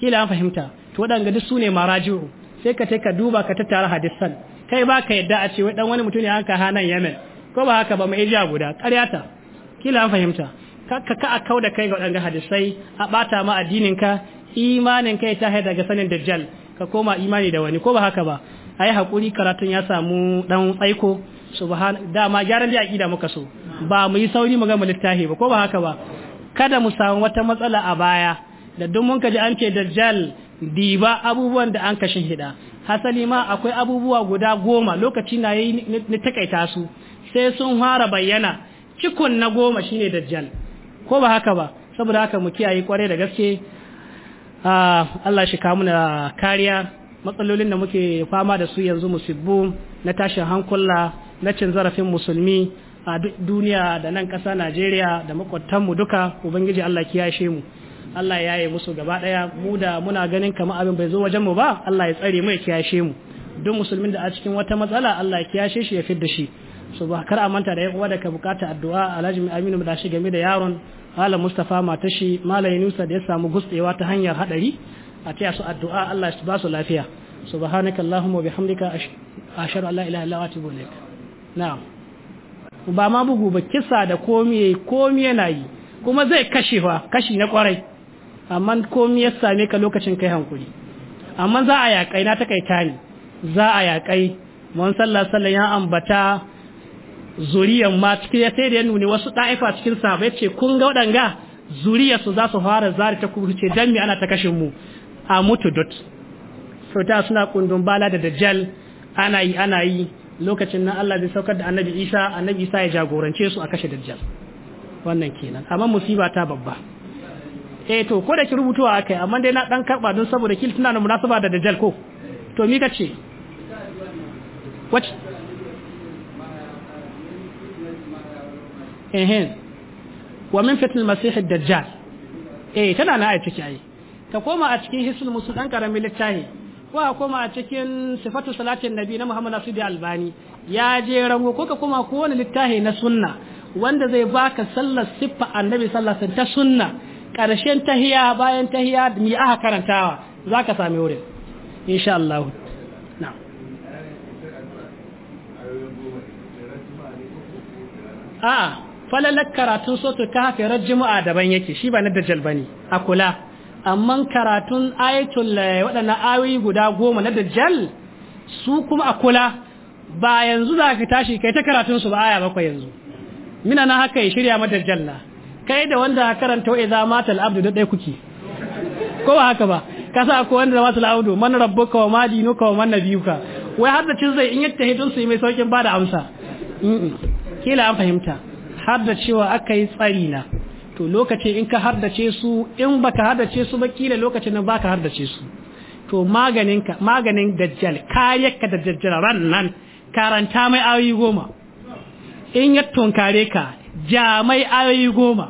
kila an fahimta to waɗanga duk sune maraji'u sai ka ka duba ka tattara hadisan kai ba ka yadda a ce wai dan wani mutum ne an ka hanan yamen ko ba haka ba mu ija guda ƙaryata kila an fahimta ka ka a kauda kai ga waɗanga hadisai a ɓata ma addinin ka imanin kai ta haida daga sanin dajjal ka koma imani da wani ko ba haka ba yi hakuri karatun ya samu dan tsaiko subhan dama gyaran da aqida muka so ba mu yi sauri mu ga mu littafi ba ko ba haka ba kada mu samu wata matsala a baya da duk mun kaji an ke dajjal diba abubuwan da an kashin hida hasali ma akwai abubuwa guda goma lokaci na yi ni takaita su sai sun fara bayyana cikun na goma shine dajjal ko ba haka ba saboda haka mu kiyaye kware da gaske Ah, Allah shi kamu na kariya matsalolin da muke fama da su yanzu musibbu na tashin hankula na cin zarafin musulmi a duniya da nan ƙasa Najeriya da makwabtanmu duka Ubangiji Allah kiyashe mu Allah ya yi musu gaba ɗaya mu da muna ganin kama abin bai zo wajen mu ba Allah ya tsare mu ya kiyashe mu duk musulmin da a cikin wata matsala Allah ya kiyashe shi ya fidda shi so ba kar a manta da yan uwa da ka bukata addu'a Alhaji Aminu da shi game da yaron malam mustafa matashi malam yunusa da ya samu gutsewa ta hanyar hadari a taya su addu'a Allah ya ba su lafiya subhanakallahumma wa bihamdika ashhadu an la ilaha illa anta astaghfiruka na'am ba ma bugu ba kisa da komi komi yana yi kuma zai kashe fa kashi na kwarai amma komi ya same ka lokacin kai hankuri amma za a yaƙai na takaita ne za a yaƙai mun sallah ya ambata zuriyan ma cikin ya sai da ya nuni wasu ɗa'ifa cikin ya ce kun ga waɗanga zuriyar su za su fara zari ta kuma ce dan mi ana ta kashin mu a mutu dot sauta suna kundun bala da dajjal ana yi ana yi lokacin nan Allah zai saukar da annabi Isa annabi Isa ya jagorance su a kashe dajjal wannan kenan amma musiba ta babba E to ko da ki rubutuwa akai amma dai na dan karba don saboda kil tana da munasaba da dajjal ko to mi ce wacce ehin wa min fitnil masih dajjal eh tana na a ciki ayi ta koma a cikin hisul musul dan karamin littafi ko a koma a cikin sifatu salatin nabi na muhammad nasiru albani ya je rango ko ka koma ko wani littafi na sunna wanda zai baka sallar siffa annabi sallallahu alaihi ta sunna karshen tahiya bayan tahiya mi aka karantawa zaka sami wurin insha Allah na'am falalar karatun sotu kafi ran juma'a daban yake shi ba na dajjal ne a kula amma karatun ayatun eh, waɗannan ayoyi guda goma na dajjal su kuma a kula ba yanzu za ka tashi kai ta karatun su ba aya bakwai yanzu mina na haka ya shirya ma dajjal na kai da wanda ka karanta idza matal abdu da kuke ko ba haka ba sa ko wanda matal abdu man rabbuka wa ma dinuka wa man nabiyuka wai har da cin zai in yatta hidin su mai saukin bada amsa kila an fahimta cewa aka yi tsari na to lokacin in ka haddace su in baka haddace su ba kila lokacin nan baka haddace su to maganin maganin dajjal kariyar ka da dajjalan nan karanta mai ayoyi goma in ya tunkare ka ja mai ayoyi goma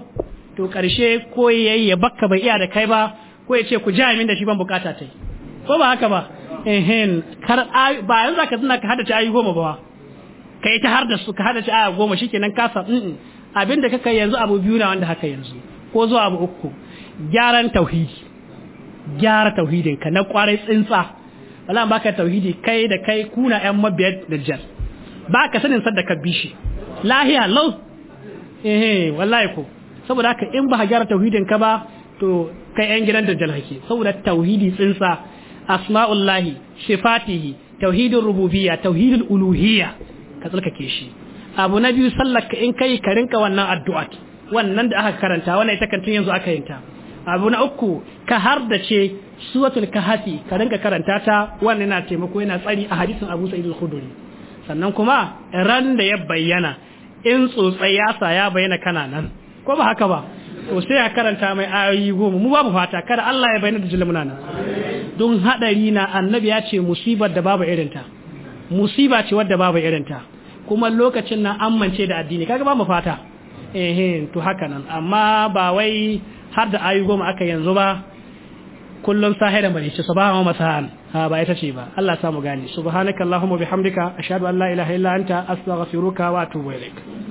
to karshe ko yayi ya baka bai iya da kai ba ko ya ce ku ja min da shi ban bukata yi, ko ba haka ba ehin kar ba yanzu ka tuna ka haddace ayoyi goma ba kai ta har da su ka hada shi aya goma shikenan ka mm abinda ka kai yanzu abu biyu na wanda haka yanzu ko zuwa abu uku gyaran tauhidi gyara tauhidin ka na kwarai tsintsa wala baka tauhidi kai da kai kuna yan mabiyar dajjal baka sanin sadda ka bishi lahiya lau eh wallahi ko saboda haka in ba gyara tauhidin ka ba to kai yan gidan dajjal hake saboda tauhidi tsintsa asma'ullahi sifatihi tauhidin rububiyya tauhidin uluhiyya ka tsarkake shi abu na biyu sallar ka in kai ka rinka wannan addu'a wannan da aka karanta wannan ita kan tun yanzu aka yin ta abu na uku ka hardace suratul kahfi ka rinka karanta ta wannan yana taimako yana tsari a hadisin Abu Sa'id al-Khudri sannan kuma ran da ya bayyana in tsotsai ya sa ya bayyana kana nan ko ba haka ba to sai ya karanta mai ayoyi goma mu babu fata kada Allah ya bayyana da jilmuna nan don hadari na annabi ya ce musibar da babu irinta ta musiba ce wadda babu irinta kuma lokacin nan amince da addini kaga ba mu fata eh to haka nan amma ba wai har da ayu goma aka yanzu ba kullum sahira mai ce sabaha wa masa'an ha ba ita ce ba Allah samu gani subhanakallahumma bihamdika ashhadu an la ilaha illa anta astaghfiruka wa atubu ilaik